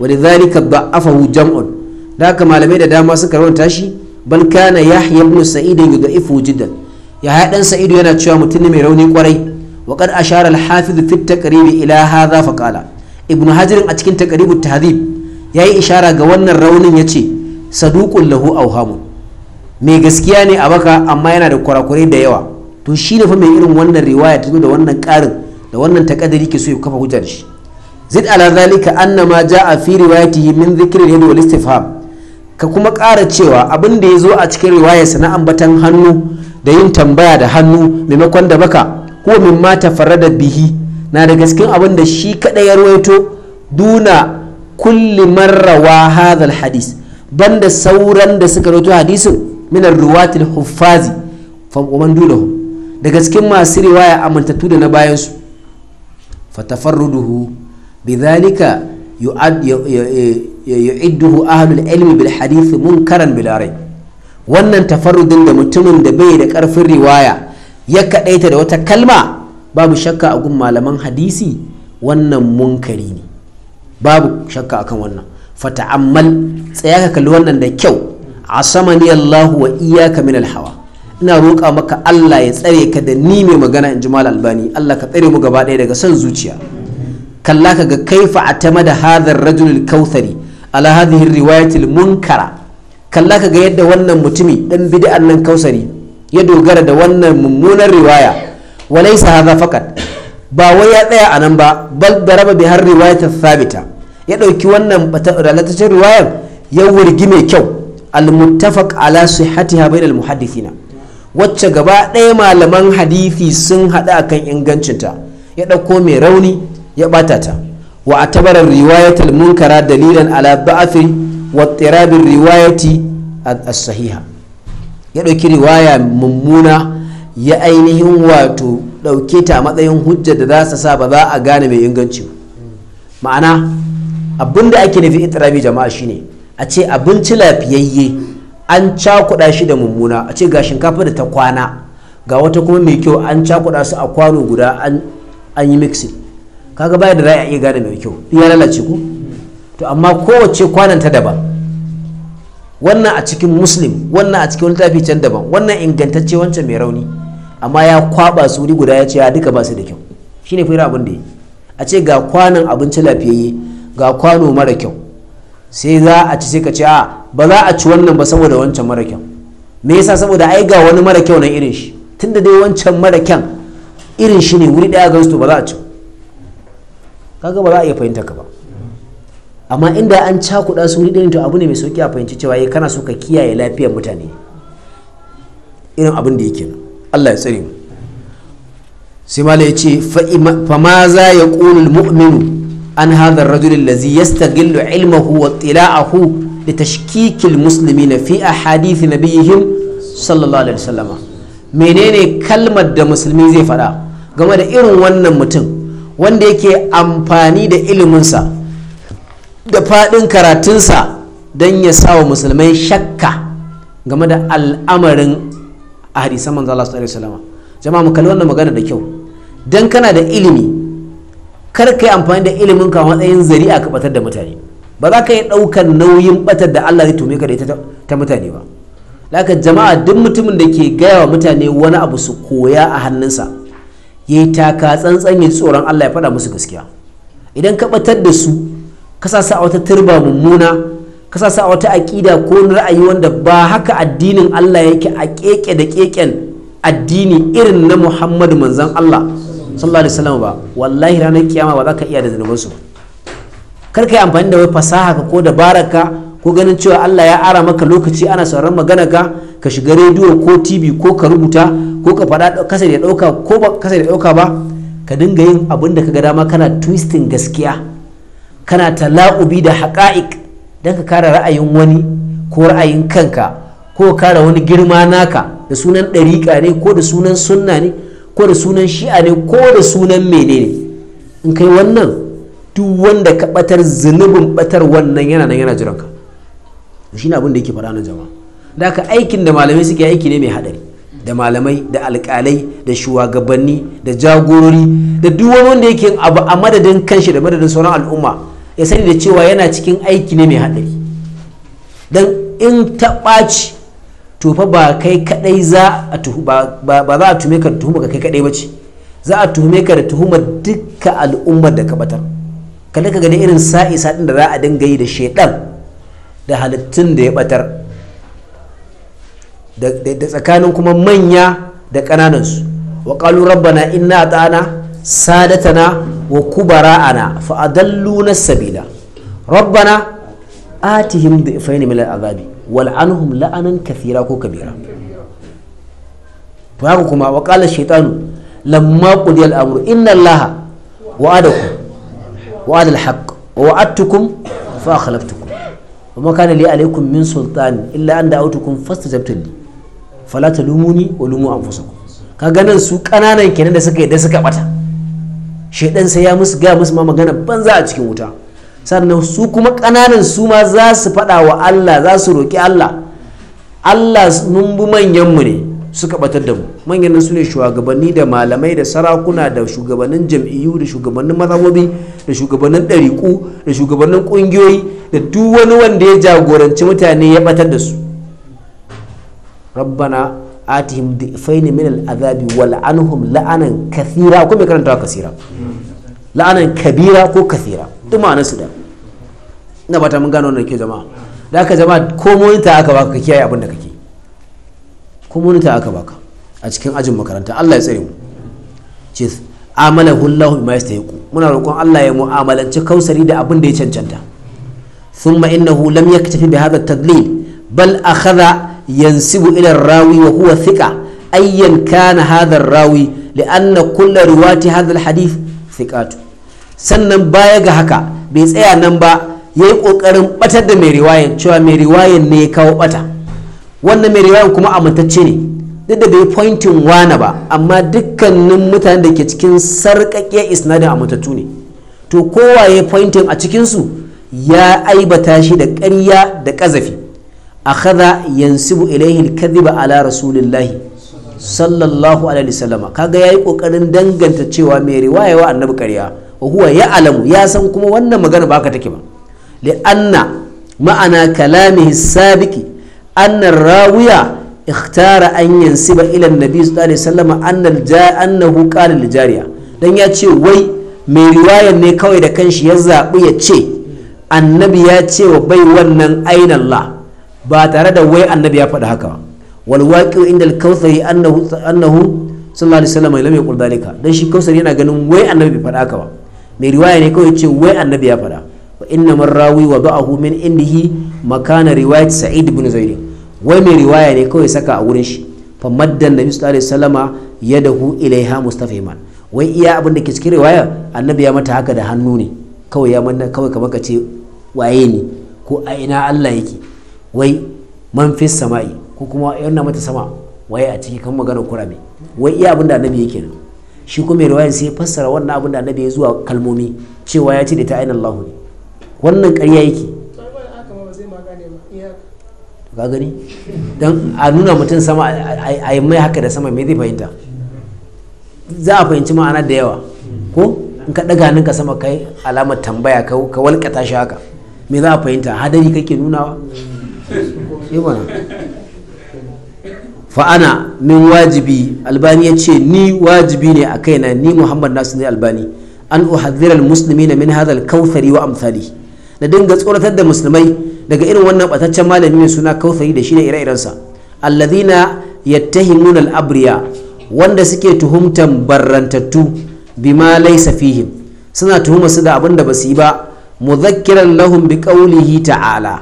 wa lidhalika da'afahu jam'un da haka malamai da dama suka rawanta shi balkana kana yahya ibn sa'id yudaifu jiddan yahya dan sa'id yana cewa mutum ne mai rauni kwarai wa qad ashara al-hafiz fi at-taqrib ila hadha fa qala ibn hajar a cikin taqrib at-tahdhib yayi ishara ga wannan raunin ya ce. saduqul lahu auhamu mai gaskiya ne a baka amma yana da kurakurai da yawa to shi ne fa mai irin wannan riwaya ta da wannan karin da wannan takadari ke so ya kafa hujjar shi zid ala zalika annama jaa fi riwayatihi min dhikri al wal istifham ka kuma ƙara cewa abin da ya zo a cikin riwayarsa na ambatan hannu da yin tambaya da hannu maimakon da baka ko min ma tafarrada bihi na da gaskin abin da shi kadai ya ruwaito duna kulli marra wa hadal hadis banda sauran da suka rawaito hadisin minar ruwatil huffazi faman dunahu daga cikin masu riwaya amintattu da na bayansu fatafarruduhu bidhalika yu'idduhu ahlul ilmi bil hadith munkaran bil wannan tafarrudin da mutumin da bai da karfin riwaya ya kadaita da wata kalma babu shakka a gun malaman hadisi wannan munkari ne babu shakka akan wannan fata'ammal tsaya ka kalli wannan da kyau asamani Allahu wa iyyaka min hawa ina roƙa maka Allah ya tsare ka da ni mai magana in jimal albani Allah ka tsare mu gaba ɗaya daga son zuciya kalla ka ga kaifa atama da hadhar rajulul kautsari ala hadhihi riwayatil munkara kalla ka ga yadda wannan mutumi dan bid'an nan kausari ya dogara da wannan mummunan riwaya walaysa hadha faqat ba wai ya tsaya nan ba bal daraba bi har riwayatil thabita ya ɗauki wannan ralataccen riwayar ya wurgi mai kyau almuttafaq ala sihhatiha bainal muhaddifina wacce gaba ɗaya malaman hadithi sun haɗu akan ingancinta ya ɗauko mai rauni ya ɓata ta wa a tabarar riwayatul munkara dalilan ala da'afi wa tirabin riwayati as-sahiha ya ɗauki riwaya mummuna ya ainihin wato ɗauke ta a matsayin hujja da za su sa ba za a gane mai inganci ma'ana da ake nufi itirabi jama'a shine a ce abinci lafiyayye an cakuɗa shi da mummuna a ce ga shinkafa da ta kwana ga wata kuma mai kyau an cakuda su a kwano guda an yi mixing kaga baya da ra'ayi iya gane mai kyau ya lalace ku to amma kowace kwanan ta daban wannan a cikin muslim wannan a cikin wani tafi can daban wannan ingantacce wancan mai rauni amma ya kwaba su wuri guda ya ce ya duka ba su da kyau shine fira abin da a ce ga kwanan abinci lafiyayye ga kwano mara kyau sai za a ci sai ka ce a ba za a ci wannan ba saboda wancan mara kyau me yasa saboda ai ga wani mara kyau na irin shi tunda dai wancan mara kyan irin shi ne wuri daya ga su ba za a ci kaga ba za a iya fahimta ka ba amma inda an cakuɗa su wuri ɗaya to abu ne mai sauki a fahimci cewa ya eh, kana so ka kiyaye lafiyar mutane irin abin da yake Allah ya tsare mu sai malai ya ce fa ma za ya qulul mu'minu an hadha ar-rajul allazi yastaghillu ilmahu wa tila'ahu da tashkik musulmi na fi ahadith nabiyihim sallallahu alaihi wasallam menene kalmar da musulmi zai faɗa game da irin wannan mutum wanda yake amfani da iliminsa da faɗin karatunsa don ya sa wa musulmai shakka game da al'amarin a hadisan manzo Allah alaihi jama'a mu kalli wannan magana da kyau dan kana da ilimi kar ka yi amfani da ilimin ka matsayin zari'a ka batar da mutane ba za ka yi ɗaukar nauyin batar da Allah zai tume ka da ita ta mutane ba laka jama'a duk mutumin da ke gaya wa mutane wani abu su koya a hannunsa ya yi taka tsantsan ya tsoron Allah ya faɗa musu gaskiya idan ka batar da su ka sa a wata turba mummuna ka sa a wata aƙida ko ra'ayi wanda ba haka addinin Allah yake a keke da keken addini irin na Muhammadu manzon Allah sallallahu alaihi wasallam ba wallahi ranar kiyama ba za ka iya da zunubansu ba kar ka yi amfani da wai fasaha ka ko dabarar ka ko ganin cewa Allah ya ara maka lokaci ana sauran magana ka ka shiga rediyo ko TV ko ka rubuta ko ka faɗa kasa da dauka ko ba kasa da ɗauka ba ka dinga yin abin da ka ga dama kana twisting gaskiya kana tala'ubi da haqa'iq dan ka kare ra'ayin wani ko ra'ayin kanka ko kare wani girma naka da sunan dariƙa ne ko da sunan sunna ne ko da sunan shi'a ne ko da sunan menene in kai wannan duk wanda ka batar zunubin batar wannan yana nan yana jiranka shi ne abin da yake faɗa nan jama'a da haka aikin da malamai suke aiki ne mai haɗari da malamai da alƙalai da shugabanni da jagorori da duk wani wanda yake abu a madadin kanshi da madadin sauran al'umma ya sani da cewa yana cikin aiki ne mai haɗari Dan in ta ɓaci to fa ba kai kadai za a ba za a tuhume ka da tuhumar kai kadai bace za a tuhume ka da tuhumar dukkan al'ummar da ka batar kada ka gani irin sa'i sa'in da za a dinga yi da shedan da halittun da ya batar da tsakanin kuma manya da ƙananansu wa qalu rabbana inna ata'ana sadatana wa kubara'ana fa adalluna sabila rabbana atihim dhifaini min al'azabi wal'anhum la'anan kathira ko kabira to haka kuma wa qala shaytanu lamma qudiya al-amru inna allaha wa'adakum wa'ada al-haqq wa wa'adtukum fa akhlaftukum وما كان لي عليكم من سلطان إلا أن دعوتكم فاستجبتم لي فلا تلوموني ولوموا أنفسكم كان su kananan kenan da suka yi da suka bata shedan sai ya musu ga musu ma magana banza a cikin wuta sannan su kuma ƙananan su ma za su faɗa wa Allah za su roƙi Allah Allah numbu manyanmu ne suka batar da mu manyan su ne shugabanni da malamai da sarakuna da shugabannin jam'iyyu da shugabannin mazhabobi da shugabannin ɗariƙu da shugabannin ƙungiyoyi da duk wani wanda ya jagoranci mutane ya batar da su rabbana atihim dhifain min al'adabi wal anhum la'anan kathira ko mai karanta kasira la'anan kabira ko kathira dumana su da na ba ta mun gano wannan ke zama da aka jama'a ko ta aka baka ka kiyaye abin da kake ko ta aka baka a cikin ajin makaranta Allah ya tsare mu ce amala hullahu bima yastahiqu muna roƙon Allah ya mu'amalanci kausari da abin da ya cancanta thumma innahu lam yaktafi bi hadha tadlil bal akhadha yansibu ila rawi wa huwa thiqa ayyan kana hadha rawi لأن كل رواة هذا الحديث ثقاته sannan baya ga haka bai tsaya nan ba ya yi ƙoƙarin ɓatar da mai riwayan cewa mai riwayan ne ya kawo ɓata wannan mai riwayan kuma amintacce ne duk da bai pointin wana ba amma dukkanin mutanen da ke cikin sarƙaƙƙiyar isnadin amintattu ne to kowa ya pointin a cikinsu ya aibata shi da ƙarya da ƙazafi a kaza yansibu ilaihi kadhiba ala rasulillahi sallallahu alaihi wasallama kaga yi kokarin danganta cewa mai riwaya wa annabi ƙarya wa huwa ya alamu ya san kuma wannan magana ba ka take ba anna ma'ana kalamihi sabiki anna rawiya ikhtara an yansiba ila nabi sallallahu alaihi wasallam anna annahu qala li jariya dan ya ce wai mai riwayar ne kawai da kanshi ya zabi ya ce annabi ya ce wa bai wannan Allah ba tare da wai annabi ya faɗi haka ba wal waqi'u inda al-kawthari annahu annahu sallallahu alaihi wasallam lam yaqul dalika dan shi kawsari yana ganin wai annabi bai faɗi haka ba mai riwaya ne kawai ce wai annabi ya faɗa wa inna man rawi wa ba'ahu min indihi makana riwayat sa'id ibn zaid wai mai riwaya ne kawai saka a wurin shi fa maddan nabi sallallahu alaihi wasallama yadahu ilaiha mustafiman wai iya abin da ke cikin riwaya annabi ya mata haka da hannu ne kawai ya manna kawai kamar ka ce waye ne ko a ina Allah yake wai man fi sama'i ko kuma yana mata sama waye a ciki kan magana kurame wai iya abin da annabi yake nan shi kuma riwayar sai fassara wannan abin da annabi ya zuwa kalmomi cewa ya ce da ta ainihin Allah ne wannan ƙarya yake ka gani don a nuna mutum sama a yi mai haka da sama me zai fahimta za a fahimci ma'ana da yawa ko in ka ɗaga hannunka sama kai alamar tambaya ka walƙata shi haka me za a fahimta hadari kake nunawa fa'ana min wajibi albani ya ce ni wajibi ne a kaina ni muhammad nasu ne albani an uhadzira musulmi na min hadal kautsari wa amsali na dinga tsoratar da musulmai daga irin wannan bataccen malami mai suna kautsari da shi ne ire-irensa alladhina yattahimun al-abriya wanda suke tuhumtan barrantattu bima laysa fihim suna tuhuma su da abin da ba su yi ba mudhakkiran lahum bi qawlihi ta'ala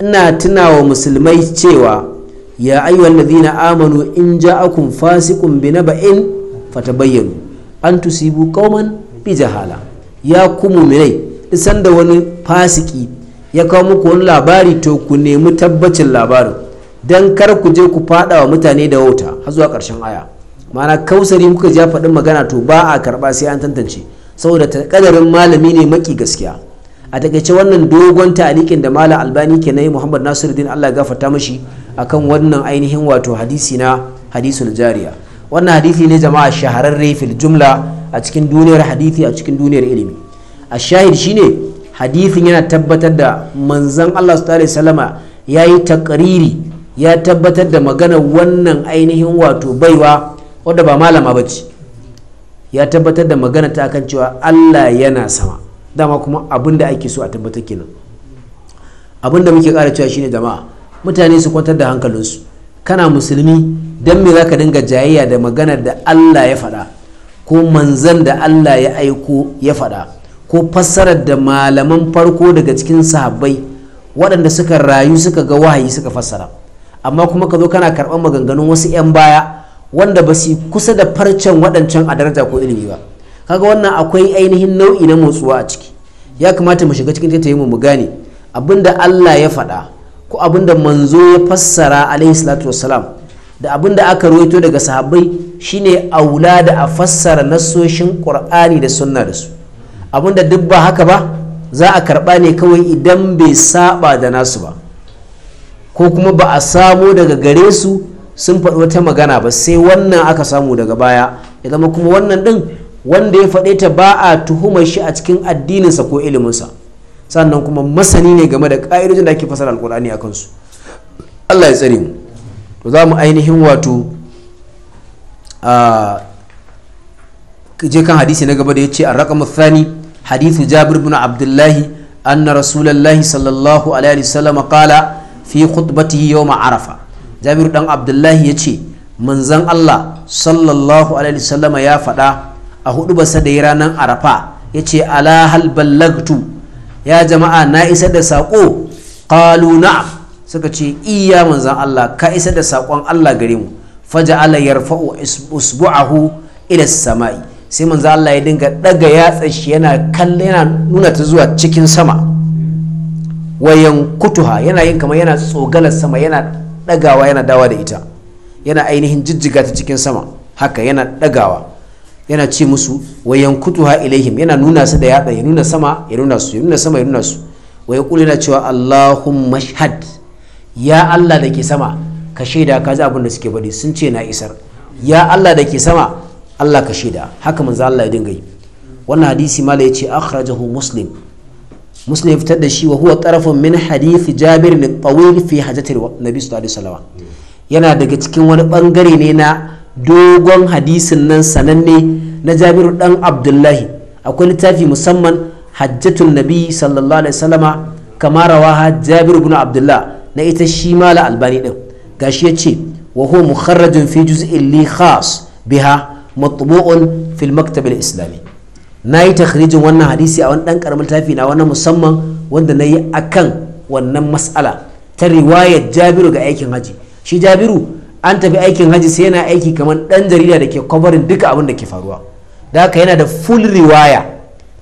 ina tunawa musulmai cewa ya ayyuhal ladhina amanu in ja'akum fasiqun binaba'in fatabayyanu an tusibu qauman bi jahala ya kumu minai isan da wani fasiki ya kawo muku wani labari to ku nemi tabbacin labarin dan kar ku je ku fada wa mutane da wauta har zuwa karshen aya mana kausari kuka ja faɗin magana to ba a karɓa sai an tantance saboda kadarin malami ne maki gaskiya a takaice wannan dogon ta'alikin da malam albani ke na yi muhammad nasiruddin allah gafarta mashi akan wannan ainihin wato hadisi na hadisul jariya wannan hadisi ne jama'a shahararre fil jumla a cikin duniyar hadisi a cikin duniyar ilimi a shahid shine hadisin yana tabbatar da manzon Allah sallallahu alaihi ya yi takariri ya tabbatar da magana wannan ainihin wato baiwa wadda ba malama ba ya tabbatar da magana ta akan cewa Allah yana sama dama kuma abin da ake so a tabbatar kenan abin da muke ƙara cewa shine jama'a mutane su kwantar da hankalinsu kana musulmi don me za ka dinga jayayya da maganar da allah ya faɗa ko manzan da allah ya aiko ya faɗa ko fassarar da malaman farko daga cikin sahabbai waɗanda suka rayu suka ga wahayi suka fassara amma kuma ka zo kana karɓar maganganun wasu 'yan baya wanda ba su kusa da farcen waɗancan a daraja ko ilimi ba kaga wannan akwai ainihin nau'i na motsuwa a ciki ya kamata mu shiga cikin tattayin mu gane abinda allah ya faɗa ko abin da manzo ya fassara alaihi salatu wassalam da abin da aka ruwaito daga sahabbai shine aula da a fassara nasoshin qur'ani da sunna da su abin da duk ba haka ba za a karba ne kawai idan bai saba da nasu ba ko kuma ba a samo daga gare su sun faɗi wata magana ba sai wannan aka samu daga baya ya zama kuma wannan ɗin wanda ya faɗe ta ba a tuhumar shi a cikin addininsa ko iliminsa sannan kuma masani ne game da ƙa'idojin da ake fasar alkur'ani a kansu allah ya tsare mu za mu ainihin wato a je kan hadisi na gaba da ya ce a raƙa muthani hadithu jabir bin abdullahi anna rasulallahi sallallahu alaihi wasallam qala fi khutbati yau arafa jabir dan abdullahi ya ce manzan allah sallallahu alaihi wasallam ya faɗa a hudu basa da ranar arafa ya ce ala hal ballagtu ya jama'a na isa da saƙo ƙalu na'am suka ce iya manzan Allah ka isa da saƙon Allah gare mu Faja faja'ala yarfa'u usbu'ahu ila samai sai manzan Allah ya dinga ɗaga yatsa shi yana kalle yana nuna ta zuwa cikin sama wayan kutuha yana yin kamar yana tsogalar sama yana ɗagawa yana dawa da ita yana ainihin jijjiga ta cikin sama haka yana ɗagawa. yana ce musu wa ha ilaihim yana nuna su da yada ya nuna sama ya nuna su ya nuna sama ya nuna su wa yaqulu yana cewa Allahumma shahad ya Allah da ke sama ka shaida ka ji abin da suke faɗi sun ce na isar ya Allah da ke sama Allah ka shaida haka manzo Allah ya dinga yi wannan hadisi mala ce akhrajahu muslim muslim fitar da shi wa huwa tarafun min hadith jabir bin tawil fi hajjatil nabi sallallahu alaihi wasallam yana daga cikin wani bangare ne na dogon hadisin nan sananne na jabiru dan abdullahi akwai littafi musamman hajjatul nabi sallallahu alaihi wasallama kama rawaha jabir ibn abdullah na ita shi mala albani din gashi ce wa huwa mukharrajun fi juz'in li khas biha matbu'un fil maktab al islami nayi takhrijin wannan hadisi a wani dan karamin littafi na wannan musamman wanda nayi akan wannan mas'ala ta riwayar jabiru ga aikin haji shi jabiru an tafi aikin haji sai yana aiki kamar dan jarida da ke kwabarin duka abin da ke faruwa da haka yana da full riwaya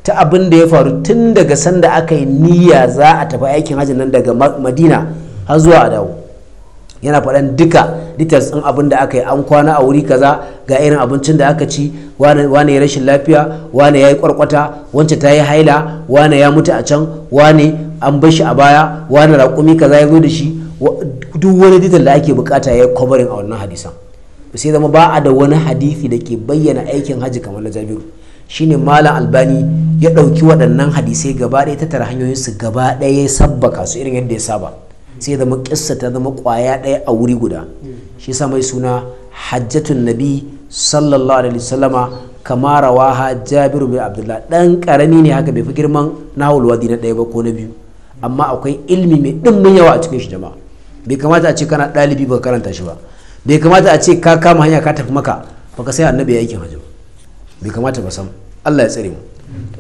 ta abin da ya faru tun daga sanda aka yi niyya za a tafi aikin hajji nan daga madina har zuwa a dawo yana faɗan duka details ɗin abin da aka yi an kwana a wuri kaza ga irin abincin da aka ci wane ya rashin lafiya wane ya yi kwarkwata wance ta yi haila wane ya mutu a can wane an bar shi a baya wane raƙumi kaza ya zo da shi duk wani detail da ake bukata ya kwabarin a wannan hadisan sai zama ba a da wani hadisi da ke bayyana aikin hajji kamar na jabiru shine malam albani ya dauki waɗannan hadisai gaba ɗaya tattara hanyoyin su gaba ɗaya ya sabbaka su irin yadda ya saba sai zama kissa ta zama kwaya ɗaya a wuri guda shi sa mai suna hajjatun nabi sallallahu alaihi wasallama kama rawaha jabiru bin abdullah ɗan karami ne haka bai fi girman nahul wadi na ɗaya ba ko na biyu amma akwai ilmi mai ɗimbin yawa a cikin shi jama'a bai kamata a ce kana ɗalibi ba karanta shi ba bai kamata a ce ka kama hanya ka tafi maka ba ka sai annabi ya aikin hajji bai kamata ba sam Allah ya tsare mu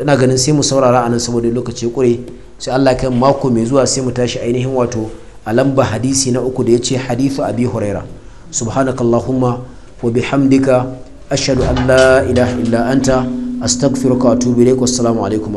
ina ganin sai mu saurara anan saboda lokaci ya kure sai Allah kai mako mai zuwa sai mu tashi ainihin wato a lamba hadisi na uku da ya ce hadithu abi huraira subhanakallahumma wa bihamdika ashhadu an la ilaha illa anta astaghfiruka wa atubu ilaik wassalamu alaikum